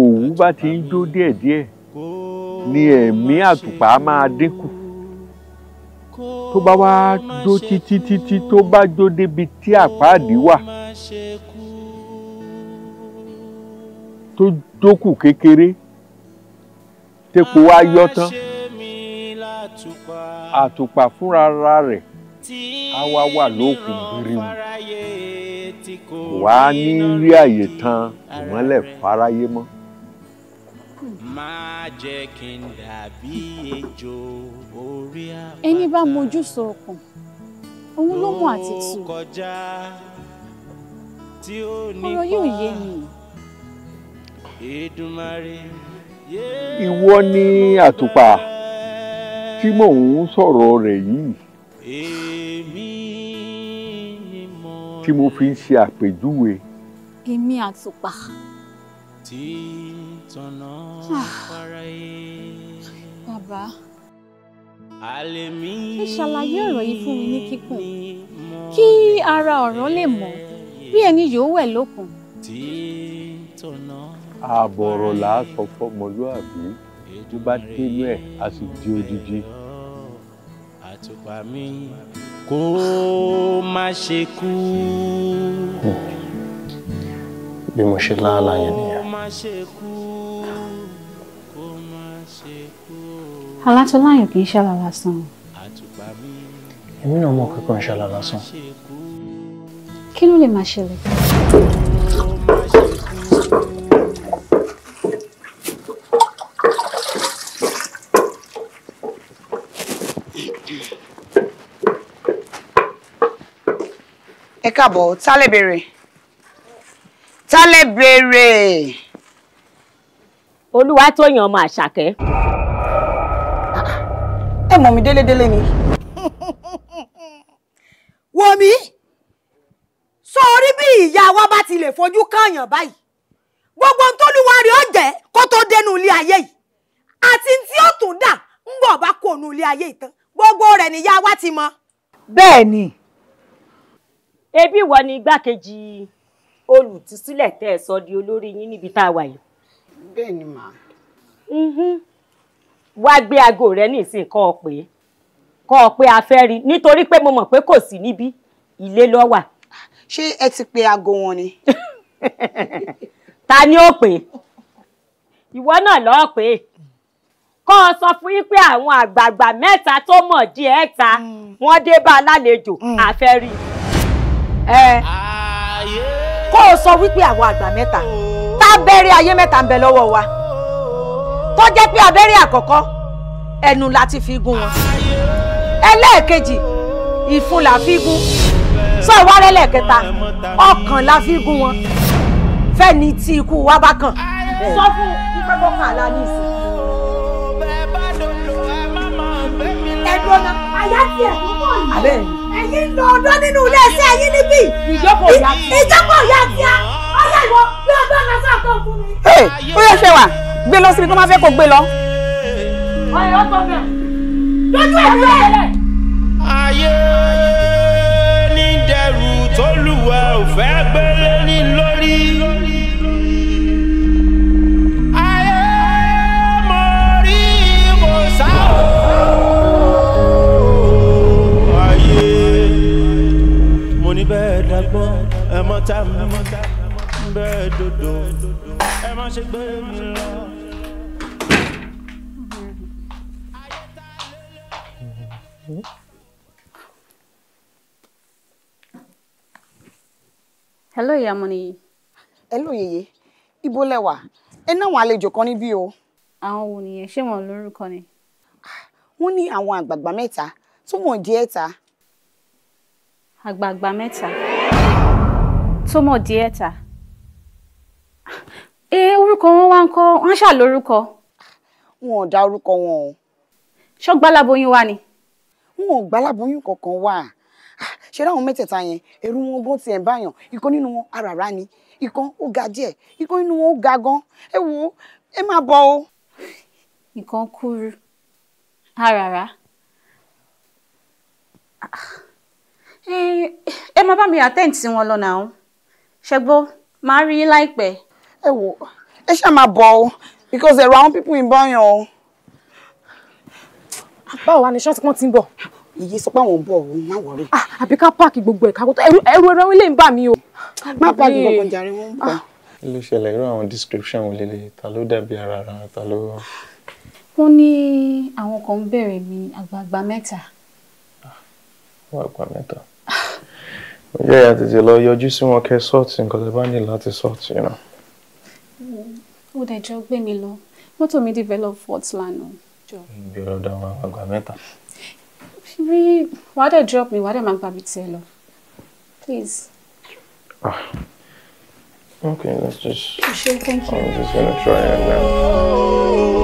òwú bá ti ń jó díẹ̀díẹ̀ ni ẹ̀mí àtùpà máa dínkù tó bá wá jó títí títí tó bá jó débi tí àpáàdì wà tó jókù kékeré tẹ́kọ̀ wá yọ tán àtùpà fúnra rẹ̀ á wá wà lókun bíríwù wà á ní rí àyè tan ìmọ́lẹ̀ fáráyé mọ́. ẹni bá mojú so ọkàn òun ló mú àtìtù ọ̀rọ̀ yóò yé mi. ìwọ ni àtùpà tí mò ń sọ̀rọ̀ rẹ̀ yìí tí mo fi ń ṣe àpèjúwe. èmi àtùpà. Ah. bàbá ẹ ṣàlàyé ọ̀rọ̀ yìí fún mi ní kíkún kí ara ọ̀rọ̀ lè mọ̀ bí ẹni yóò wẹ̀ lókun. ààbọ̀ ọ̀rọ̀ là á sọ fọ́mọlúàbí tó bá dénú ẹ̀ á sì di odidi. àtùpà mi kó má ṣe kú. Hmm. bí mo ṣe láàlá yẹn nìyẹn. alátọ́láyọ̀ kì í ṣàlà lásán. èmi náà mọ̀ pé ń ṣàlà lásán. kí ló lè máa ṣẹlẹ̀. kabo talebere talebere oluwa to yan ma sake e mo mi dele dele ni wo mi so ori bi iya wa ba ti le foju kanyan bayi gbogbo n toluwa ri o je ko to denu ile aye yi ati nti o tun da nbo ba ko nu ile aye itan gbogbo re ni ya wa ti mo be ebi ìwọ ni igbákejì olùtísílẹ̀ tẹ́ ẹ sọ di olórí yín níbi tá a wà yìí. bẹ́ẹ̀ ni mà. wá gbé aago rẹ nísìnyí kọ́ ọ pé kọ́ ọ pé a fẹ́ rí nítorí pé mo mọ̀ pé kò sí níbí ilé ló wà. ṣé ẹ ti pe aago wọn ni. ta ni ó pè é ìwọ náà lọ́ọ́ pè é kọ́ ọ sọ fún yín pé àwọn àgbààgbà mẹ́ta tó mọ̀ díẹ̀ ta mm. wọ́n dé bá a lálejò mm. a fẹ́ ẹ kó o sọ wípé àwọn àgbà mẹ́ta tá abẹ́rẹ́ ayé mẹ́ta ń bẹ lọ́wọ́ wa tó jẹ́ pé abẹ́rẹ́ àkọ́kọ́ ẹnu la ti fi gún wọn ẹlẹ́ẹ̀kejì ìfun la fi gún sọ ìwárẹ́ ẹlẹ́ẹ̀kẹta ọkàn la fi gún wọn fẹ́ni tí ikú wa bá kàn sọ fún pípẹ́ bọ́kàn àlá ní ìsìn. ẹ̀dùn ọ̀nà àyà tiẹ̀ tó bọ̀ yìí yín lọ ọ̀dọ́ nínú ilé ẹsẹ̀ yín níbí. ìjọpọ̀ ìyá kíá. ìjọpọ̀ ìyá kíá. ọyá ìwọ bí ọjọ́ náà sá tó fún mi. ee ó yẹ ṣe wà gbé lọ síbi tó máa fẹ́ kó gbé lọ. ọyọ ọtọ bẹ́ẹ̀ lójú ẹ lọ ayé ní dẹrù tó lùwẹ̀ ò fẹ́ gbélé nílò ẹ̀gbọ́n ẹ̀mọ́ tá mi bẹ́ẹ̀ dodo ẹ má ṣe gbé mi lọ. hello ìyá hello yèyé ibo lẹ wà ẹ náwọn àlejò kan níbí o. àwọn wo nìyẹn ṣé wọn lórúkọ ni. wọ́n ní àwọn àgbààgbà mẹ́ta tó wọn jẹ ẹ̀ta. àgbààgbà mẹ́ta tó mọ̀ díẹ̀ tà ẹ orúkọ wọn wá ń kọ́ wọ́n ṣà lórúkọ. wọn ò dá orúkọ wọn o. ṣọ́gbà láboyún wa ni. wọn ò gbá láboyún kankan wà ah, ṣe ráwọn mẹ́tẹ̀ẹ̀ta yẹn ẹ̀rù wọn gan tiẹ̀ ń báyàn ikọ́ nínú wọn àràrá ni ikọ́ ó ga díẹ̀ ikọ́ nínú wọn ó ga gan ẹ wo ẹ máa bọ̀ o. nǹkan kúrú àràrá ah, eh, ẹ máa bá mi attend wọn lọ́nà àwọn ṣẹgbọ́n máa rí yín láìpẹ́. ẹ wò ẹ ṣáà máa bọ̀ o because ẹ̀rọ àwọn pípọ̀ ń bọ̀yàn o. báwo wá ni ṣọ́ọ̀tì pọ́n ti ń bọ̀. iye sọ pé àwọn ń bọ̀ o má wọlé. Ah, àbí ká páàkì gbogbo ẹ̀ka kó tó ẹrù ẹrù ẹrọ ilé ń bà mí o. má páàkì gbogbo jàre wọn ń bọ̀. kí ló ṣẹlẹ̀ irú àwọn description wo lélẹ̀ ta ló dàbí ara ara ta ló. wọ́n ní àwọn kan ń bẹ̀rẹ̀ mi àgbààgbà mẹ́ta. àwọn ah, àgbà mẹ́ta. Yeah, yẹ ya tètè lọ yọjú sí wọn kẹ́ sọ́ọ̀tì nǹkan tó bá ní láti sọ́ọ̀tì náà. Mm, ó dẹjọ́ gbé mi lọ mọ́tò mi develop fort lánàá. ibi ọ̀dọ̀ àwọn àgbà mẹ́ta. Why wàá I drop me? Why dẹ̀ I gbàgbé tiẹ̀ lọ please. Ah. Okay, let's just. Sure, thank you. I'm just gonna try and now. Uh,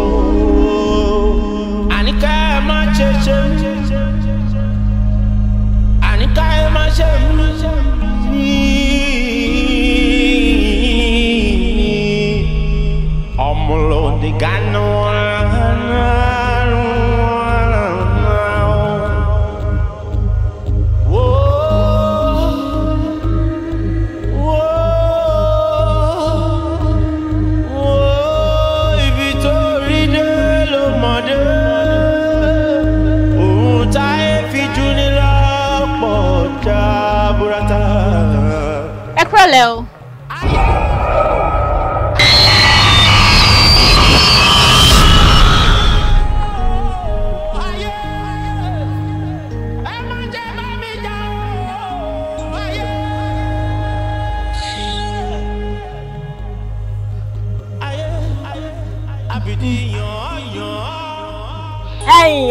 gano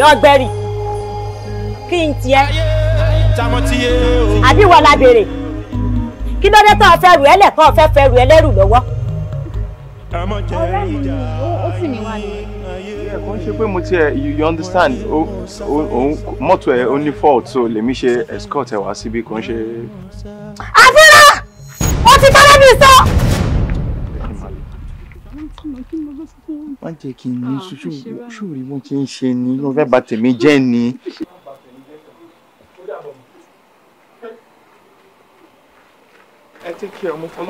ọgbẹ́rì kí n tiẹ́ àbí wọ́n la kí ló tó fẹ́ rù ẹ́ lẹ́kọ́ fẹ́ fẹ́ rù ẹ́ lẹ́rù lọ́wọ́. ọ̀rẹ́ mi ni ó sì mí wá ní. kò ń ṣe pé mo tiẹ̀ you understand mọ́tò ẹ̀ ó ní fault so lèmi ṣe escort ẹ̀ wá síbi kò ń ṣe. àfúrà ó ti tọ́lá mi sọ má jẹ́ kí n ní ṣòrí wọ́n ti ń ṣe ni ló fẹ́ bà tèmi jẹ́ ni.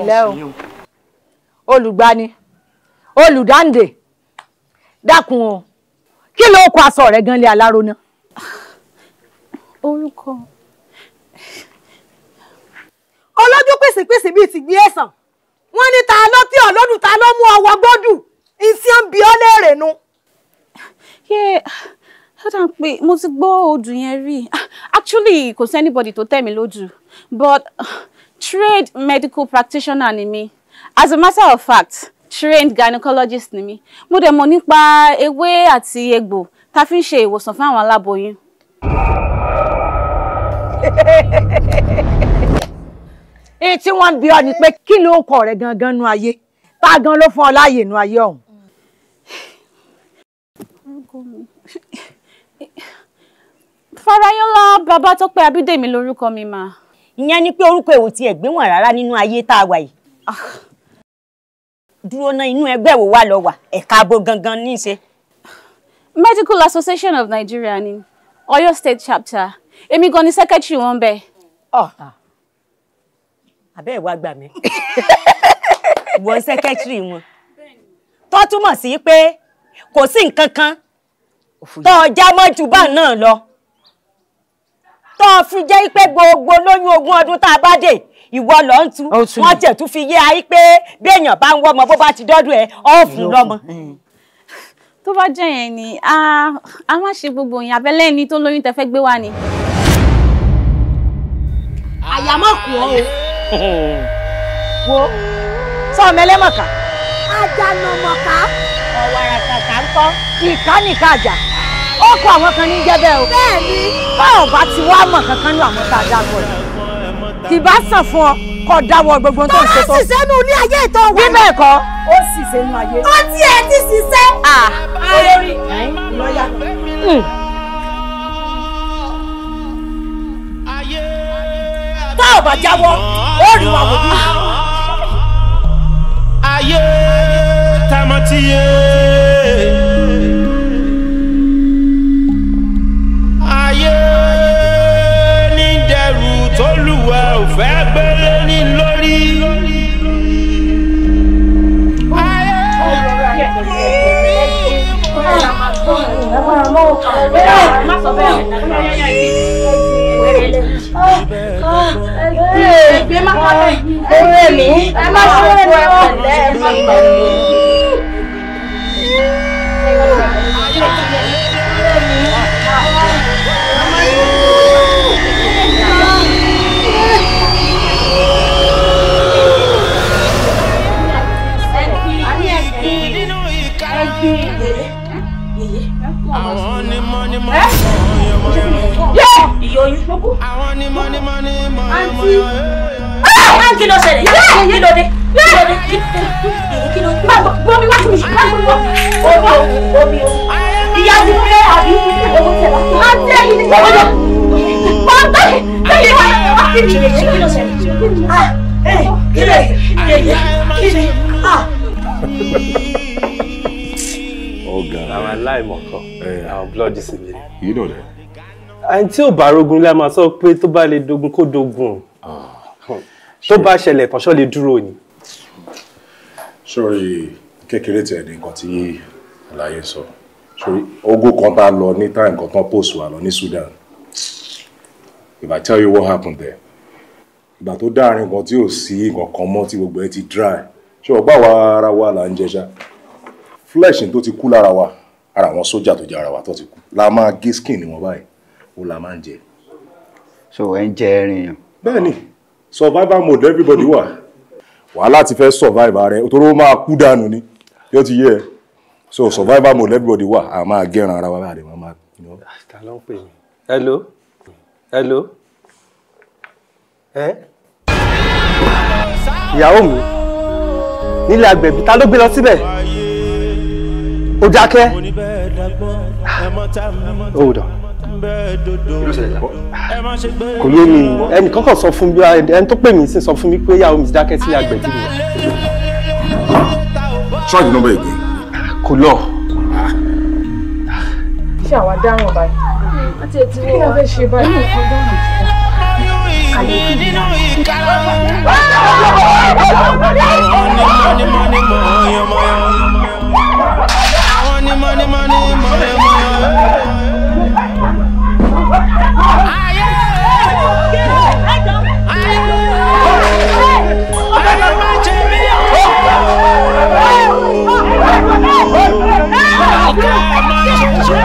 lẹ́o olùgbani olùdáǹdè dákun o kí ló kọ aṣọ rẹ gan lé aláró náà. olójú pèsè pèsè bíi ti gbé ẹ̀sán wọ́n ní ta ló tí ọlọ́dún ta ló mú ọwọ́ gbọ́dùn iṣẹ́ ń bi ọ́ léèrè nu. yé ọ̀dà ń pè mo ti gbọ́ odù yẹn rí actually kò sí anybody tó tẹ̀ mí lójú but trained medical practitioner ni mi as a matter of fact trained gynecologist ni mi mo dẹ̀ mọ̀ nípa ewé àti egbò tá fi ń ṣe ìwòsàn fún àwọn aláboyún. èyí tí wọ́n ń bi ọ ni pé kí ló ń kọ rẹ̀ gangan nu ayé tá a gan ló fún ọ láàyè nu ayé ọ̀hún. Farayọlá Babátọ́pẹ́ Abídèmí lórúkọ mi mà. ìyẹn ni pé orúkọ èwò tí ẹ̀gbẹ́ wọn rárá nínú ayé tá a wà yìí. Ah. dúró ná inú ẹgbẹ́ wo wà lọ wà ẹ̀ka abo gangan ní Medical Association of Nigeria ni Ọ̀yọ́ State Chapter èmi gan ni secretary wọn bẹ́ẹ̀. Ah, ah abẹ́ ẹ̀ gbà mí wọ́n sẹ́kẹ́tìrì wọn tó túmọ̀ sí pé kò sí nǹkan kan tó ọjà mọ́jú bá náà lọ tó fi jẹ́ pé gbogbo lóyún ogún ọdún tá a bá dé ìwọ lọ ń tu wọ́n tẹ̀ tún fi yé ayé pé bí èèyàn bá ń wọ́mọ bó bá ti dọ́dún ẹ̀ ọ́ lọ́mọ hmm. tó bá jẹ́ yẹn ni a má ṣe gbogbo yẹn abẹ́lẹ́ ni tó lóyún tẹ fẹ́ gbé wá ni. àyà má kù ọ́ o wo sọmọ ẹlẹ́mọ̀ká. ajanamọ̀ká. ọ̀wàrà kàkà ń kọ́. ìka nìka àjà ó kọ àwọn kan ní jẹ́bẹ̀ o. bẹ́ẹ̀ni. báwo bá ti wá mọ̀ kankan ní àwọn tá a dá bọ̀ yìí. kì bá sàn fún ọ kọ dáwọ́ gbogbo tó ń ṣe tó. tọ́lá ṣiṣẹ́ nu ilé ayé ìtọ́ wa. bí kọ́ ó ṣiṣẹ́ nu ayé. ó tiẹ̀ ti ṣiṣẹ́. Ah. olórí lọ́yà. Hmm. tá ò bá jáwọ́ ó rí wa wò bí. ayé tamatiye. ayé ní dẹrù tó lùwà ò fẹ́ gbélé ní lórí. ayé. Ẹ máa mọ́ ọ̀kan. Ẹ máa sọ bẹ́ẹ̀. ọ̀rẹ́ mi ẹ má ṣe fún ẹ pẹ̀lẹ́ àǹtí ah, àwọn ah, eh, kí ló ṣẹlẹ̀ kí ló dé kí ló dé kí ló dé gbọ́mi wá sí mi gbọ́mi omi o ìyá ti pé àbí owó tẹ̀lá àti ẹ̀yìn ní sọ́wọ́dọ̀ pọ́ńtò tẹ̀lé wá wá sí mi kí ló ṣẹlẹ̀ kí ló ṣẹlẹ̀ kí ni ọ̀gá àwọn aláìmọ̀kan àwọn búlọ́ọ̀dì sí mi. yìí ló dé ẹni tí ò bá rogun la máa sọ pé tó bá lè dogun kó dogun tó bá ṣẹlẹ̀ kànṣọ́ lè dúró ni. sórí kékeré tiẹ̀ ní nǹkan tí àlàyé sọ sórí ogun kan bá lọ ní táyà nǹkan tán post wà lọ ní Sudan if I tell you what happened there ìgbà tó dáàrin kan tí ò sí nǹkan kan mọ́ tí gbogbo ẹ ti dry ṣé ọgbà wa ara wa là ń jẹṣà flesh tó ti kú lára wa ara àwọn sójà tó jẹ ara wa tó ti kú la máa gé skin ni wọn báyìí ó la máa ń jẹ. so ẹ ń jẹ ẹrin yàn. bẹ́ẹ̀ni survival mode everybody wà wàhálà ti fẹ́ survive rẹ torí ó máa kú dànù ni yóò ti yé so survival mode everybody wà á máa gẹ́ran ara wa báyìí wọ́n máa. ta ló ń pè mí. hello hello ẹ. ìyàwó mi nílé agbẹ̀bí ta ló gbé lọ síbẹ̀ ó dákẹ́. hold on kò yé mi ẹnì kankan sọ fún mi ẹni tó pè mí sí sọ fún mi pé ìyàwó mi ti dákẹ́ sílé àgbẹ̀dì mi. charge number again. kò lọ. ṣé àwa dáhùn báyìí. àti ètò ìwé wa fẹ́ ṣe báyìí. kàlẹ́ kí ni. Oh,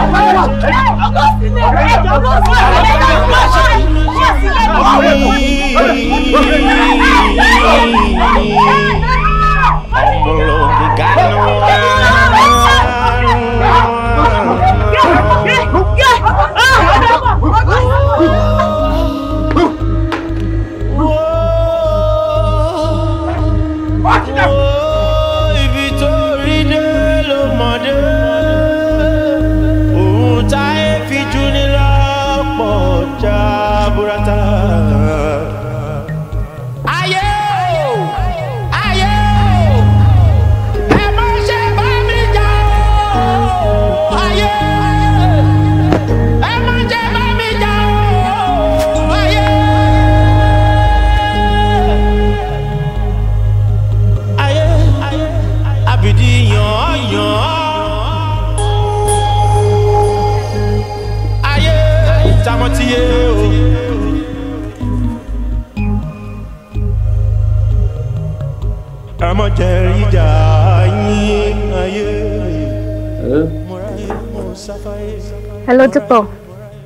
Hello, doctor.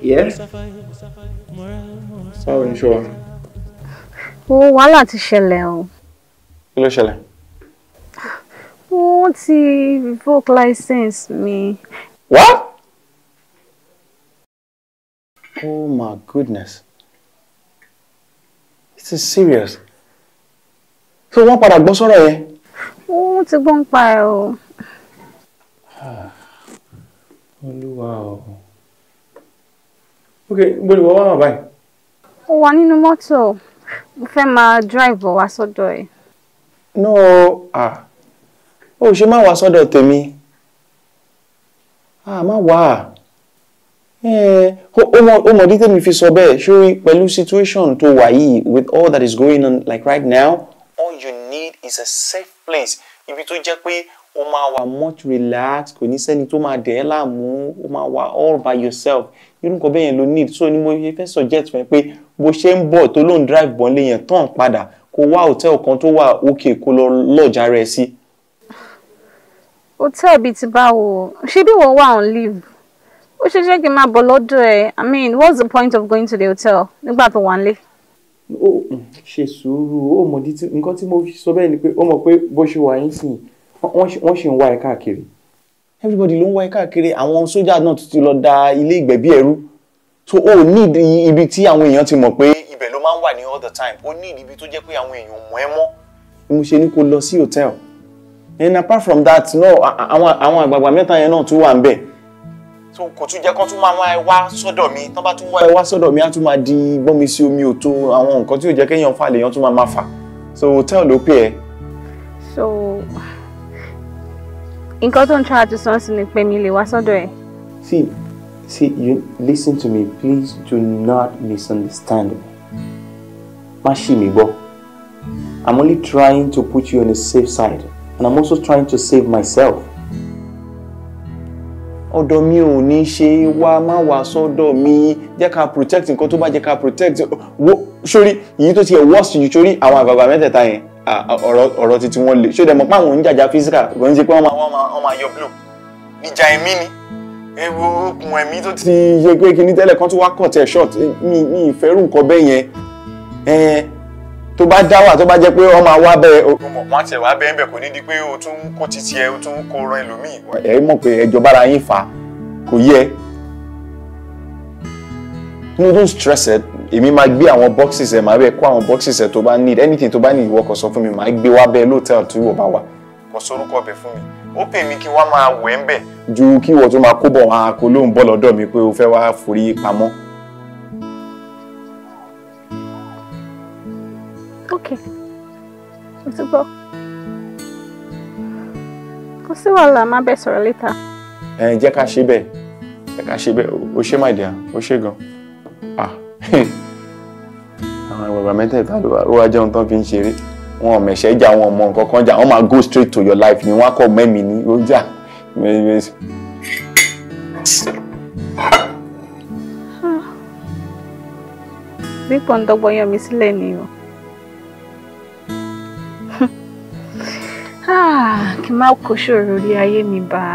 Yes. Báwo ni ṣe wà? Wo wàhálà ti ṣẹlẹ̀ o. Kí ló ṣẹlẹ̀? Wọ́n ti revoke license me. What? Oh my goodness. This is serious. So what padà gbọ́ sọ́rọ̀ yẹn? Wọ́n ti gbọ́ ń pa Oh wow ok gbọ́dọ̀ wọ́n wà báyìí. ó wà nínú mọ́tò mo fẹ́ máa drive wá sọ́dọ̀ ẹ̀. no ah ó ṣe má wá sọ́dọ̀ tèmi ah má wá ó mọ̀ dídé mi fi sọ bẹ́ẹ̀ ṣórí pẹ̀lú situation tó wà yìí with all that is going on like right now all you need is a safe place ibi tó jẹ́ pé o máa wà much relaxed kò ní sẹ́ni tó máa dẹ̀ ẹ́ láàmú o máa wà all by yourself irú nǹkan bẹ́ẹ̀ yẹn ló need so ni mo fẹ́ suggest fún ẹ pé bó ṣe ń bọ̀ tó ló ń drive bọ̀ nílé yẹn tán padà kó wá hòtẹ́ẹ̀lì kan tó wà òkè kó lọ lọ́ọ̀jà rẹ̀ sí. hòtẹ́ẹ̀lì bíi ti báwo ṣé bí wọ́n wà on leave ó ṣe ṣe kí n máa bọ̀ lọ́dọ̀ ẹ̀ i mean what's the point of going to the hotel nígbà tó wà nílé. ó ṣe sùúrù ó mọ̀ nǹkan tí mo sọ bẹ́ẹ̀ ni pé ó mọ̀ pé bó ṣe wà yín sìn wọ́n ṣì ń wá ẹ̀ káàkiri everybody ló ń wáyé káàkiri àwọn sójà náà tún ti lọ da ilé ìgbẹ̀bí ẹrú so o need ibi tí àwọn èèyàn ti mọ̀ pé ibẹ̀ ló máa ń wà ní all the time o need ibi tó jẹ́ pé àwọn èèyàn mọ̀ ẹ́ mọ́ ni mo ṣe ní kó lọ sí hotel and apart from that no, àwọn àgbààgbà mẹ́ta yẹn náà tún wà ń bẹ̀ tó kò tún jẹ́ kó tún máa wá wá sọ́dọ̀ mi tó bá tún wá wá sọ́dọ̀ mi á tún máa di gbọ́n mi sí omi òtó àwọn nǹkan tí ò jẹ́ kéèyàn fà lèèyàn tún máa máa fà so hotel ló pè é nǹkan tó ń try to sọ sí ni pé mi lè wá sọ́dọ̀ ẹ̀. see see you listen to me please do not misunderstand me má ṣì mí gbọ́ i'm only trying to put you on a safe side and i'm also trying to save myself ọ̀dọ̀ mi ò ní ṣe wá má wá sọ́dọ̀ mi jẹ́ ká protect nǹkan tó bá jẹ́ ká protect wo sórí yìí tó ti yẹ worst yìí sórí àwọn àgbààgbà mẹ́tẹ̀ẹ̀ta yẹn ọ̀rọ̀ títí wọn lè ṣó dẹ̀ mọ̀ pé àwọn oníjàjà physical kò ń ṣe pé wọ́n máa yọ blue ìjà ẹ̀mí ni ewu okùn ẹ̀mí tó ti yẹ pé kinní tẹ́lẹ̀ kan tó wá kọ̀ tẹ̀ short mi mi ìfẹ́rù nǹkan bẹ́ẹ̀ yẹn ẹ̀ẹ́n tó bá dá wà tó bá jẹ́ pé wọ́n máa wá bẹ́ẹ̀. o mọ̀ wọ́n ti wá bẹ́ẹ̀ bẹ́ẹ̀ kò ní di pé o tún kó titi ẹ o tún kó ran ẹlòmíì. ẹ you don't stress it èmi máa gbé àwọn boxes ẹ̀ máa bẹ̀ kó àwọn boxes ẹ̀ tó bá need anything tó bá need ìwọ kò sọ fún mi máa gbé wá bẹ́ẹ̀ lóòótọ́ tí ìwọ bá wà. kò sorúkọ bẹ fún mi ó pè mí kí wá máa wẹ̀ ń bẹ̀. ju kí ìwọ tó máa kó bọ̀ wá kó lóun bọ́ lọ́dọ̀ mi pé o fẹ́ wá forí pamọ́. ok mo ti gbọ́ kò sí wàhálà má bẹ̀ sọ̀rọ̀ later. ẹ jẹ́ ká ṣe bẹ́ẹ̀ jẹ́ ká ṣe bẹ́ẹ̀ o ṣe máa dìá o ṣe gan-an. Ah àwọn àgbàgbà mẹ́tẹ̀ẹ̀ta ló wá jẹun tán fi ń ṣeré wọn ò mẹ̀ṣẹ́ jà wọn mọ nǹkan kan jà wọn máa go straight to your life ni wọn á kọ mẹ́mi ní ó jà mẹ́mẹ́sì. bí pọ̀ǹdọ́gbọ̀n yan mi sílẹ̀ ni o ah, kí n má kó ṣòro orí ayé mi bá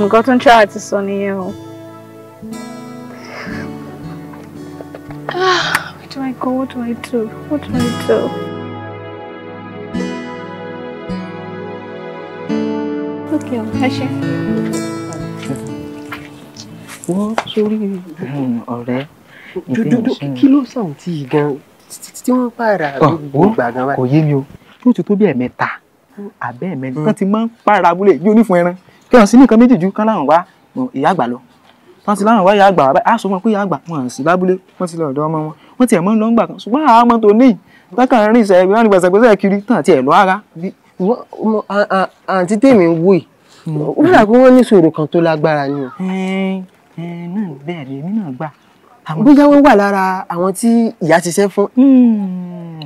nǹkan tó ń ṣáà ti sọ nìyẹn o. God, what hmm, do I do? What do I do? Okay, Ashe. Wọ́n sórí ọ̀rẹ́. Dúdú kí ló sàn tí gan tí wọ́n pààrà ah, gbogbo gbàgán wa. Kò yé mi o, yóò ti tó bí ẹ̀mẹ́ta àbẹ́ ẹ̀mẹ́ta. Kán ti máa ń pààrà abúlé yóò ní fún ẹran. Kí wọ́n sí nìkan méjì ju kán láwọn wá ìyá àgbà lọ tán ti láwọn wáyà àgbà á sọ wọn pé àgbà wọn sì lábúlé wọn ti lọ ọ̀dọ̀ ọmọ wọn wọn tiẹ̀ mọ́ ń lọ ń gbà kan ṣùgbọ́n àwọn ọmọ tó níyì bákan rìn ìṣẹ́ ìgbà nígbà ìṣàgbésẹ̀ kiri tán tiẹ̀ lọ ara. àǹtí tèmi ń wò yìí ó dà pé wọ́n ní ìṣòro kan tó lágbára ni o. náà bẹ́ẹ̀ ni èmi náà gbà. bóyá wọ́n wà lára àwọn tí ìyá ti ṣẹ́ fún. Hmm.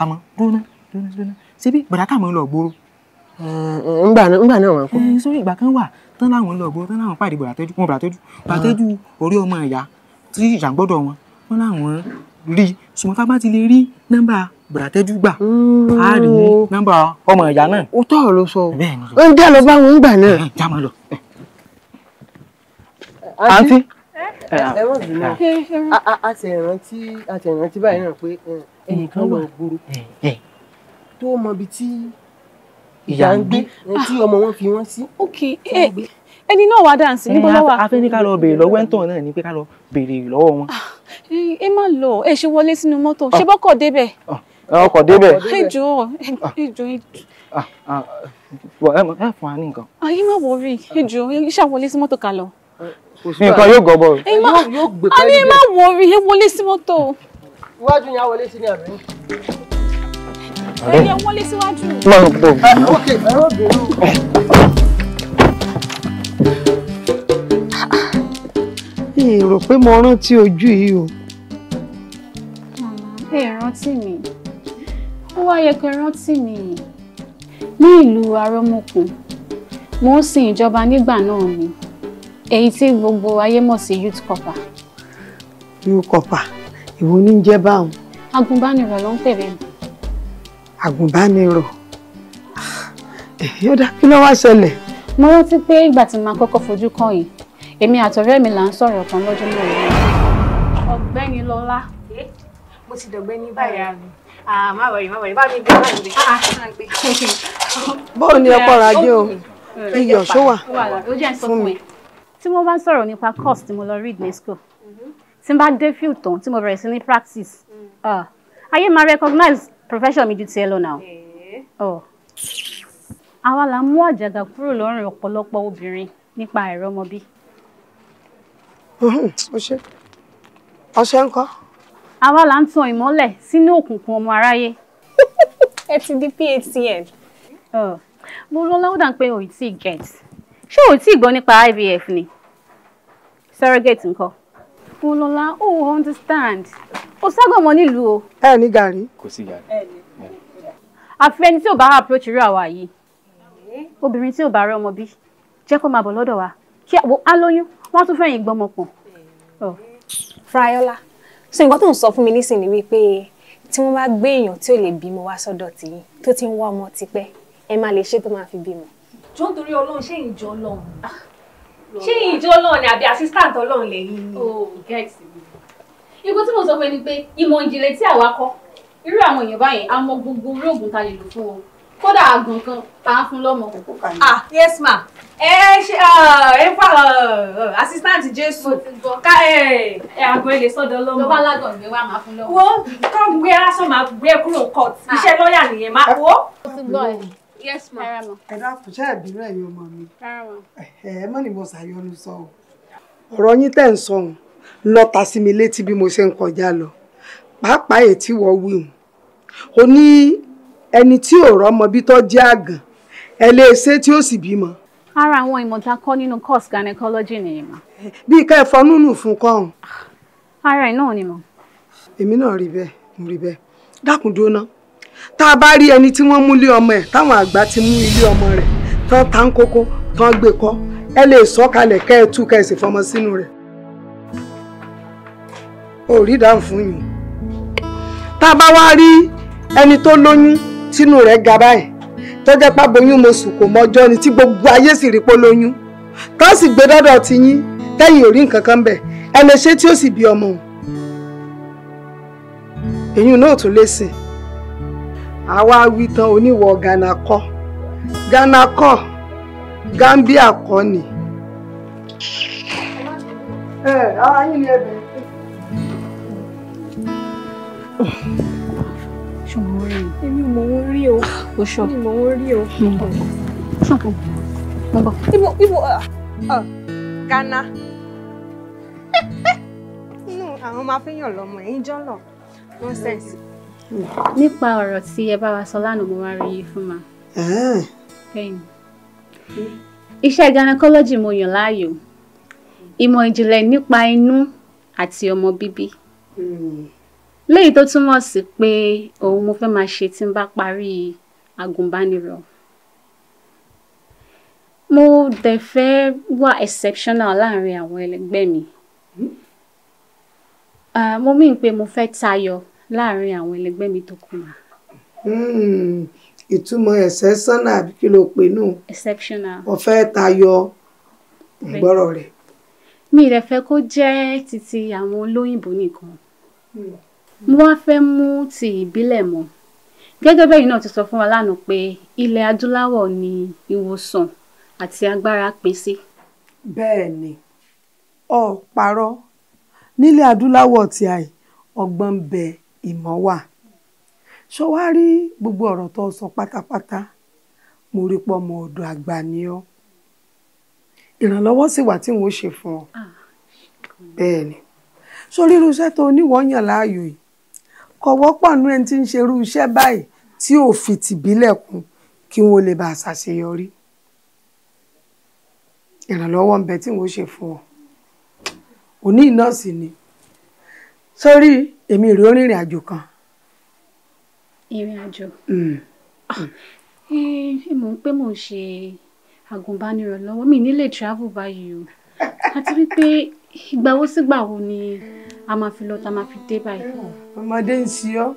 àmọ́ dúró náà dúró náà ṣé mọ́ lọ gbòòrò ngbà eh, ngbà náà wọn kọ. Eh, sórí ìgbà kan wà tán láwọn lọ gbọ́ tán láwọn pàdé bàtẹ́jú wọn bàtẹ́jú bàtẹ́jú orí ọmọ ìyá tí ìṣàgbọ́dọ̀ wọn wọn láwọn rí ṣùgbọ́n tá bá ti lè rí nọ́mbà bàtẹ́jú gbà á mm. rí nọ́mbà ọmọ ìyá náà. ó tọ̀ ló sọ ó ń dá lọ bá wọn ngbà náà. Eh, já máa lọ. àǹtí ẹ wọ́n bí náà a ti rántí a ti rántí báyìí náà pé ẹnìkan lọ gbòòrò tó mọ ibi tí ìyá ń gbé tí ọmọ wọn fi wọn sí. ok eh, ẹni náà wá dáǹsì níbo eh, ló wà. a fẹ́ ní ká lọ béèrè lọ́wọ́ ẹ̀ńtọ́ náà ni pé ká lọ béèrè lọ́wọ́ wọn. Ah, ẹ má lọ ẹ ṣe wọlé sínú mọ́tò ṣé ah. bọ́kọ̀ débẹ̀. Ah, ọkọ̀ débẹ̀. ẹ jọ̀ọ́ ẹ jọ̀ọ́ ẹ jọ̀ọ́. ẹ fún wa ní nǹkan. ayé má wọrí ẹ jọ̀ọ́ ẹ ṣàwọlé sí mọ́tò ká lọ. nǹkan yóò gọbọ. a ní ẹ má wọrí ẹ wọlé sí mọ́tò. iwájú ni a wọlé sí ní àbẹ̀yìn ẹ̀yẹ wọlé síwájú. máa ń bọ̀. èrò pé mo rántí ojú yìí o. màmá ẹ rántí mi ó wá yẹ kẹ́ rántí mi ní ìlú arọ́mọkùn mo ń sin ìjọba nígbà náà ni èyí tí gbogbo ayé mọ̀ sí youth copa. youth copa, ìwo ní jẹ́ báwọn. agùnbánirọ̀ ló ń pè bẹ́ẹ̀ àgùnbánirọ̀ yóò dá kí ló wá ṣẹlẹ̀. mo rántí pé ìgbà tí màá kọ́kọ́ fojú kàn yìí èmi àtọ̀rẹ́ mi là ń sọ̀rọ̀ kan lọ́jọ́ náà rẹ̀. ọ̀gbẹ́ni lọ́lá mo ti dọ̀gbẹ́ ní báyìí àmì má wọ̀rì má wọ̀rì bá mi gbé bá mi gbé. Ah, ah, bóun ni ọkọ rà dé o iyọ̀ ṣó wà fún mi. tí wọ́n bá ń sọ̀rọ̀ nípa course tí mo lọ read ní school mhm. tí n bá dé field tán tí mo bẹ̀rẹ̀ sí ní practice mm. ah, ayé máa recognize profession mi ju tiẹ̀ lọ náà. Oh. àwa là ń mú àjàgà kúrò lọ́rùn ọ̀pọ̀lọpọ̀ obìnrin nípa àìrọ́mọbí. ó ṣe ọṣẹ ń kọ́. àwa là ń tan ìmọ́lẹ̀ sínú òkùnkùn ọmọ aráyé. ẹ ti di patn. Oh. mo lọ láwùdà pé òyì tí ì gẹ̀ẹ́tì ṣé òyì tí ì gbọ́ nípa IVF ni surrogate nǹkan fún lọ́la ó understand ó ságbọ̀n mọ́ nílùú o. ẹ ní gàrí. kò sí gàrí. àfi ẹni tí ò bá approach irú àwa yìí obìnrin tí ò bá rẹ ọmọ bí jẹ́ kó máa bọ̀ lọ́dọ̀ wa kí á lóyún wọ́n tún fẹ́yìn gbọ́mọ pọ̀. Oh. Frayola so nǹkan tó ń sọ fún mi nísìn ni wípé tí wọ́n bá gbé èèyàn tí ò lè bímọ wá sọ́dọ̀ tìyín tó ti ń wá ọmọ tipẹ́ ẹ máa lè ṣe tó máa fi bímọ. jọ́ǹtorí ọlọ́run ṣé ìjọ ọlọ́run ah ṣé ìjọ ọlọ́run ni àbí assistant ọlọ́run lẹ́yìn ni. o gẹ́ẹ̀sì mi. ikú tí mo sọ pé ni pé ìmọ̀ ìjìnlẹ̀ tí àwa kọ́ irú àwọn èèyàn báyìí a mọ gbogbo orí oògùn ta lè lò fún wọn kódà àgàn kan à ń fún lọ́mọ. ah yes ma ẹ ṣe ah, ẹ fà ah, assistant jésù ká ẹ àgọ́ ilé sọ́dọ̀ lọ́mọ. lọ́ba alágọ̀ gbé wa máa fún lọ́mọ. wo kọ́ gbé aṣọ máa gbé kúrò court ah. iṣẹ́ lọ́ọ̀yà nìyẹn máa wo yes ma. ẹ dákun ṣe àbínú ẹ̀yin ọmọ mi ẹ mọ́ ni mo ṣàyọnu sọ o ọ̀rọ̀ yín tẹ̀ ń sọ òun lọ́ta sí mi létí bí mo ṣe ń kọjá lọ pàápàá èyí tí wọ́n wí hùn ó ní ẹni tí ò rọ́mọ bí tó jẹ́ àgàn ẹ lè ṣe tí ó sì bímọ. ara àwọn ìmọ̀ tá a kọ́ nínú course gynecology nìyí mà. bí ká ẹ fọnú nù fún kọ́hún. ara ẹ̀ náà ni mo. èmi náà rí bẹ́ẹ̀ mo rí bẹ́ẹ̀ dákun dúró náà tá a bá rí ẹni tí wọ́n mú ilé ọmọ ẹ̀ táwọn àgbà ti mú ilé ọmọ rẹ̀ tán ta ń kókó tán gbé kọ́ ẹ lè sọ́kalẹ̀ kẹ́ ẹ tú kẹ́ ẹ sì fọmọ sínú rẹ̀ ò rí dáhùn fún yìí tá a bá wá rí ẹni tó lóyún tínú rẹ̀ ga báyìí tọ́jẹ́ pàbóyún mo sùn kò mọ́jọ́ ni tí gbogbo ayé sì rí pé lóyún tó sì gbé dọ́dọ̀ ti yín tẹ́yìn ò rí nǹkan kan bẹ̀ ẹni ṣé tí ó sì bí ọmọ òun èyí náà tún lè sìn àwa wí tán oníwọ̀ Ghana kọ́ Gambia kọ́ ni. ẹ ara yín ni ẹ bẹ̀rẹ̀ ṣùgbọ́n rí i. èmi mò ń rí o. o ṣọ èmi mò ń rí ibo ibo ah, ah. Ghana inú àwọn máa fi yàn lọ́mọ ẹ̀yìn jọ́lọ̀ nonsense nípa ọ̀rọ̀ tí ẹ bá wa sọ lánàá mo wá rí yín fún ma. Ah. iṣẹ́ gynecology mo yàn láàyò ìmọ̀ ìjìnlẹ̀ nípa inú àti ọmọ bíbí hmm. léyìí tó túmọ̀ sí pé òun mo fẹ́ máa ṣe tí n bá parí agùnbánirọ̀ mo dẹ̀ fẹ́ wà exceptional láàrin àwọn ẹlẹgbẹ́ mi hmm. ah, mo mí pé mo fẹ́ tayọ láàárín àwọn ẹlẹgbẹ́ mi tó kù hmm, ìtumọ̀ exceptional àbí kí ló pè nù. exceptional. ó fẹ́ tayọ ìgbọ́rọ̀ rẹ̀. mi rẹ̀ fẹ́ kó jẹ́ títí àwọn olóyìnbó nìkan hmm. mo wá fẹ́ mú ti ìbílẹ̀ mọ́ gẹ́gẹ́ bẹ́yìn náà ti sọ fún wa lánàá pé ilẹ̀ adúláwọ̀ ni ìwòsàn àti agbára pín sí. bẹ́ẹ̀ ni ọ̀pàrọ̀ nílẹ̀ adúláwọ̀ tí a ọgbọ́n ń ìmọ̀ wà ṣó wá rí gbogbo ọ̀rọ̀ tó sọ pátápátá mo rí pọ́ ọmọ ọ̀dọ̀ àgbà ni ọ́ ìrànlọ́wọ́ sì wà tí wọ́n ṣe fún ọ ah, bẹ́ẹ̀ ni sórí irú iṣẹ́ tó oníwọ̀nyàn láàyò yìí kò wọ́pọ̀ nú ẹni tí ń ṣe irú iṣẹ́ báyìí tí ò fi tìbílẹ̀ kún kí wọ́n lè bá a ṣàṣeyọrí ìrànlọ́wọ́ ń bẹ tí wọ́n ṣe fún ọ òní náà ni sórí èmi rèé onírìn àjò kan. ìrìn àjò. Mm. Ah, ẹ mọ̀ pé mò ṣe agùnbánirọ̀ lọ́wọ́ mi nílé travel báyìí o àti wípé ìgbàwo sígbàwo ni a máa fi lọ tá a máa fi dé báyìí. ọmọdé ń ṣe ọ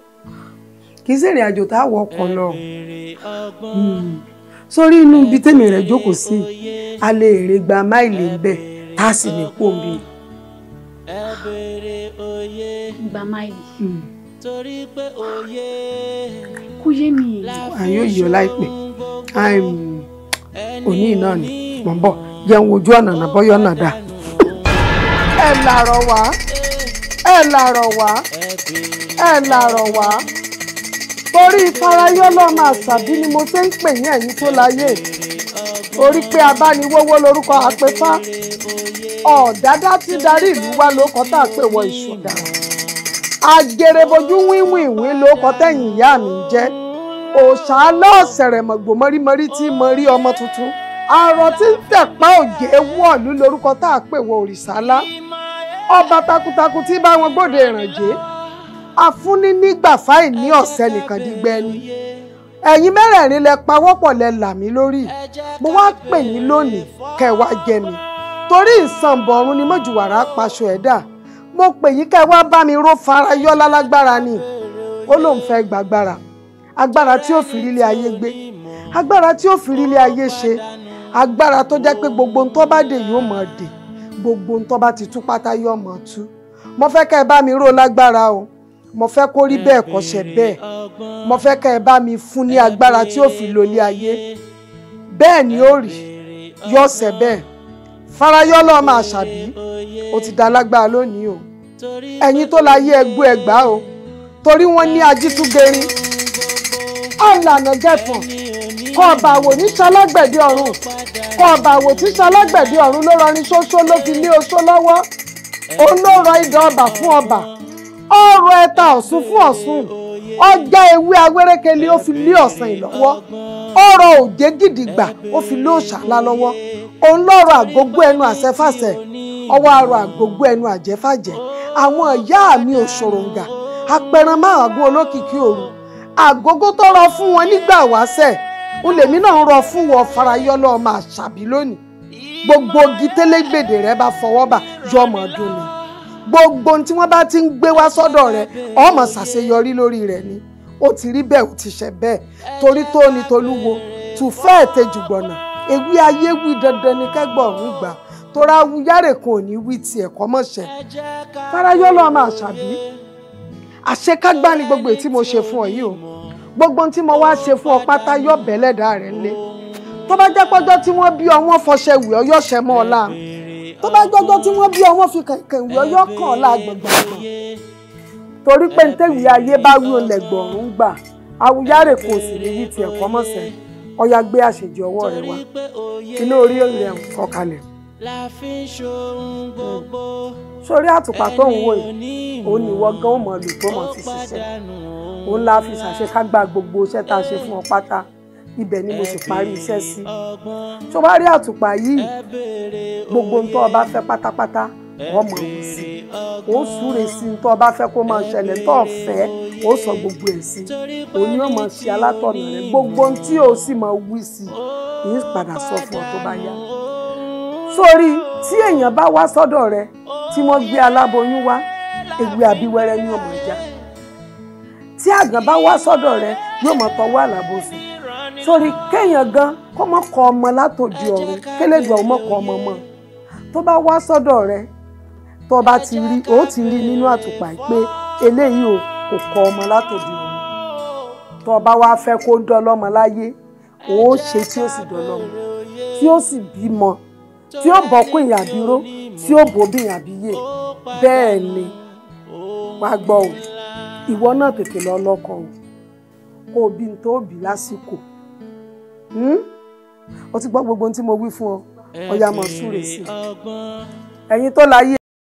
kì í ṣèrìn àjò tá a wọ ọkọ lọ mm. sórí inú ibi tèmi rẹ jókòó sí a lè gba máìlì ń bẹ tá a sì ní kó mi. ẹ béèrè òye gba máìlì hmm. torí pé òye kò yé mi. àyò yìí ọ láìpẹ́ hmm. òní náà ni mò ń bọ̀ ojú ọ̀nà náà bọ́yọ̀ náà dà. ẹ làárọ̀ wá ẹ làárọ̀ wá ẹ làárọ̀ wá torí ìfarayé ọlọ́mọ àṣàbí ni mo ṣe ń pè yín ẹ̀yin tó láyé orí pé abániwówó lorúkọ àpẹfá ọ̀dádá tí darí ìlú wa ló kọ́ tá a pè wọ ìṣúdà agèrèbójú wíwìnwín ló kọ́ tẹ̀yìn ìyá mi jẹ́ òòṣà aláọ̀sẹ̀rẹ̀mọ̀gbò mọ́rímọ́rí tí mo rí ọmọ tuntun àrọ̀ tí ń tẹ̀pá òjé wọ̀lú lórúkọ tá a pè wọ òrìṣà ńlá ọba takuntakun tí bá wọn gbòde ìrànjẹ afúnni nígbà fáì ní ọ̀sẹ̀ nìkan dígbẹ́ ni ẹ̀yin mẹ́rẹ̀ẹ̀rin lẹ pawọ́pọ̀ lẹ là mí lórí mo wá pè yín lónìí kẹ́ wá jẹ mi torí ìsànbọ̀rún ni mọ́jùwàrà paṣọ ẹ̀dá mo pè yí ká wá bá mi ró farayọ́ lálágbára ni ó lóun fẹ́ gbàgbára agbára tí ó fi rílé ayé gbé agbára tí ó fi rílé ayé ṣe agbára tó jẹ́ pé gbogbo ohun tó bá dè yóò mọ̀ dè gbogbo ohun tó bá ti tú pátá yóò mọ̀ tú mo fẹ́ ká ẹ bá mi ró lágbára o mo fẹ́ kó rí bẹ́ẹ̀ kó bẹ́ẹ̀ mo fẹ́ ká ẹ bá mi fún ní agbára tí ó fi lólé ayé bẹ́ẹ̀ ni ó rí yóò bẹ́ẹ̀ farayọ́ lọ́ọ́ máa ṣàbí ó ti dalágbára lónìí o ẹ̀yin tó la yé ẹgbẹ́ ẹgbà o torí wọ́n ní ajítúgẹ̀rin ọ̀lànà gẹ̀fọ̀n kọ́ ọba àwò ní ṣalágbẹ̀dẹ ọ̀run kọ́ ọba àwò tí ṣalágbẹ̀dẹ ọ̀run ló rọrin ṣoṣo ló fi lé oṣó lọ́wọ́ òun ló rọ idà ọba fún ọba ọrọ ẹta ọ̀ṣun fún ọ̀ṣun ọjà ewé awérékelé ó fi lé ọ̀sán ìlọ́wọ́ ọrọ òjé gidigba ó fi lé òṣàlá lọ́wọ́ òun lọ́rọ̀ àgógó ẹnu àṣẹfàṣẹ ọwọ́ àrọ̀ àgógó ẹnu àjẹfàjẹ́ àwọn ìyá mi ò ṣòròǹgà apẹran márùn-ún olókìkí òru àgógó tó rọ fún wọn nígbà wáṣẹ̀ ń lèmi náà rọ fún wọn farayọ lọ́ọ́ máa ṣàbí lónìí gbogbo gitẹ́lẹ́gbèdè rẹ bá fọwọ́ bà yọ ọmọ ọdún ni gbogbo tí wọ́n bá ti ń gbé wá sọ́dọ̀ rẹ ọmọ ṣàṣeyọrí lórí rẹ ni ó ti rí bẹ́ẹ̀ ó ti ṣe bẹ́ẹ̀ torí tó ní tolúwo tùfẹ́ ètè jùgbọ̀nà ewì ayé wí dandan ni kẹ́gbọ̀rún gbà tora awuyáre kan ò ní wí tiẹ̀ kọ́ mọ̀ṣẹ́ farayọ́ lọ́ọ́ máa ṣàbí àṣekágbá ni gbogbo èyí tí mo ṣe fún ọ yìí o gbogbo ohun tí mo wá ṣe fún ọ pátá yọ bẹ́lẹ́dàá rẹ̀ lé tó bá jẹ́ pọ́jọ́ tí wọ́n bí ọ wọ́n fọṣẹ wì ọ yọ ṣẹ mọ́ ọ láàmú tó bá jọ́jọ́ tí wọ́n bí ọ wọ́n fi kẹ̀kẹ́ wì ọ yọ kàn ọ́ láàgbọ̀gbọ̀ kan torí pé ntẹ́wì ayé bá wí olè gbọ̀rún gbà awuyáre kò sì ní yí tiẹ̀ kọ́mọ̀sẹ̀ ọya gbé àṣejì ọwọ́ rẹ wá inú orí rẹ kọkalẹ̀. Hmm. sórí àtùpà tó ń wò yìí òun ni ìwọ gan mọ̀ lò tó mọ̀ fi ṣiṣẹ́ òun la fi ṣàṣekágbá gbogbo iṣẹ́ tá a ṣe fún ọ pátá ibẹ̀ ni mo sì parí iṣẹ́ sí tó bá rí àtùpà yìí gbogbo ohun tó o bá fẹ́ pátápátá ọmọ òun sí ó súre sí tó bá fẹ́ kó máa ṣẹlẹ̀ tó fẹ́ ó sọ gbogbo ẹ̀ sí òní ọmọ ṣe alátọ̀nà rẹ gbogbo ohun tí ó sì máa wí sí kì í padà sọ fún ọ tó bá yá sórí tí èèyàn bá wá sọ́dọ̀ rẹ tí wọ́n gbé aláboyún wá ewé abíwẹ́rẹ́ ní ọmọ ìjà tí àgàn bá wá sọ́dọ̀ rẹ yóò mọ̀ tọwọ́ àlàbòsùn sórí kéèyàn gan kó mọ̀ kọ ọmọ látòdì ọ̀run kélédùn ọmọ kọ ọmọ mọ́ tó bá wá sọ́dọ̀ rẹ tó bá ti rí ó ti rí nínú àtùpà pé eléyìí o kò kọ ọmọ látòdì òun tó bá wá fẹ́ kó dọ́lọ́mọ láyé ó ṣe tí ó sì dọ́lọ́mọ tí ó sì bímọ tí ó bọ́kùn ìyàbíró tí ó bòbí ìyàbíyè bẹ́ẹ̀ ni wàá gbọ́ o ìwọ náà tètè lọ lọ́kọ o kó o bí n tó bí lásìkò hmm? o ti gbọ́ gbogbo ohun tí mo wí fún ọ ọ̀yà mọ̀ súre sí i ẹ̀yin tó láyé.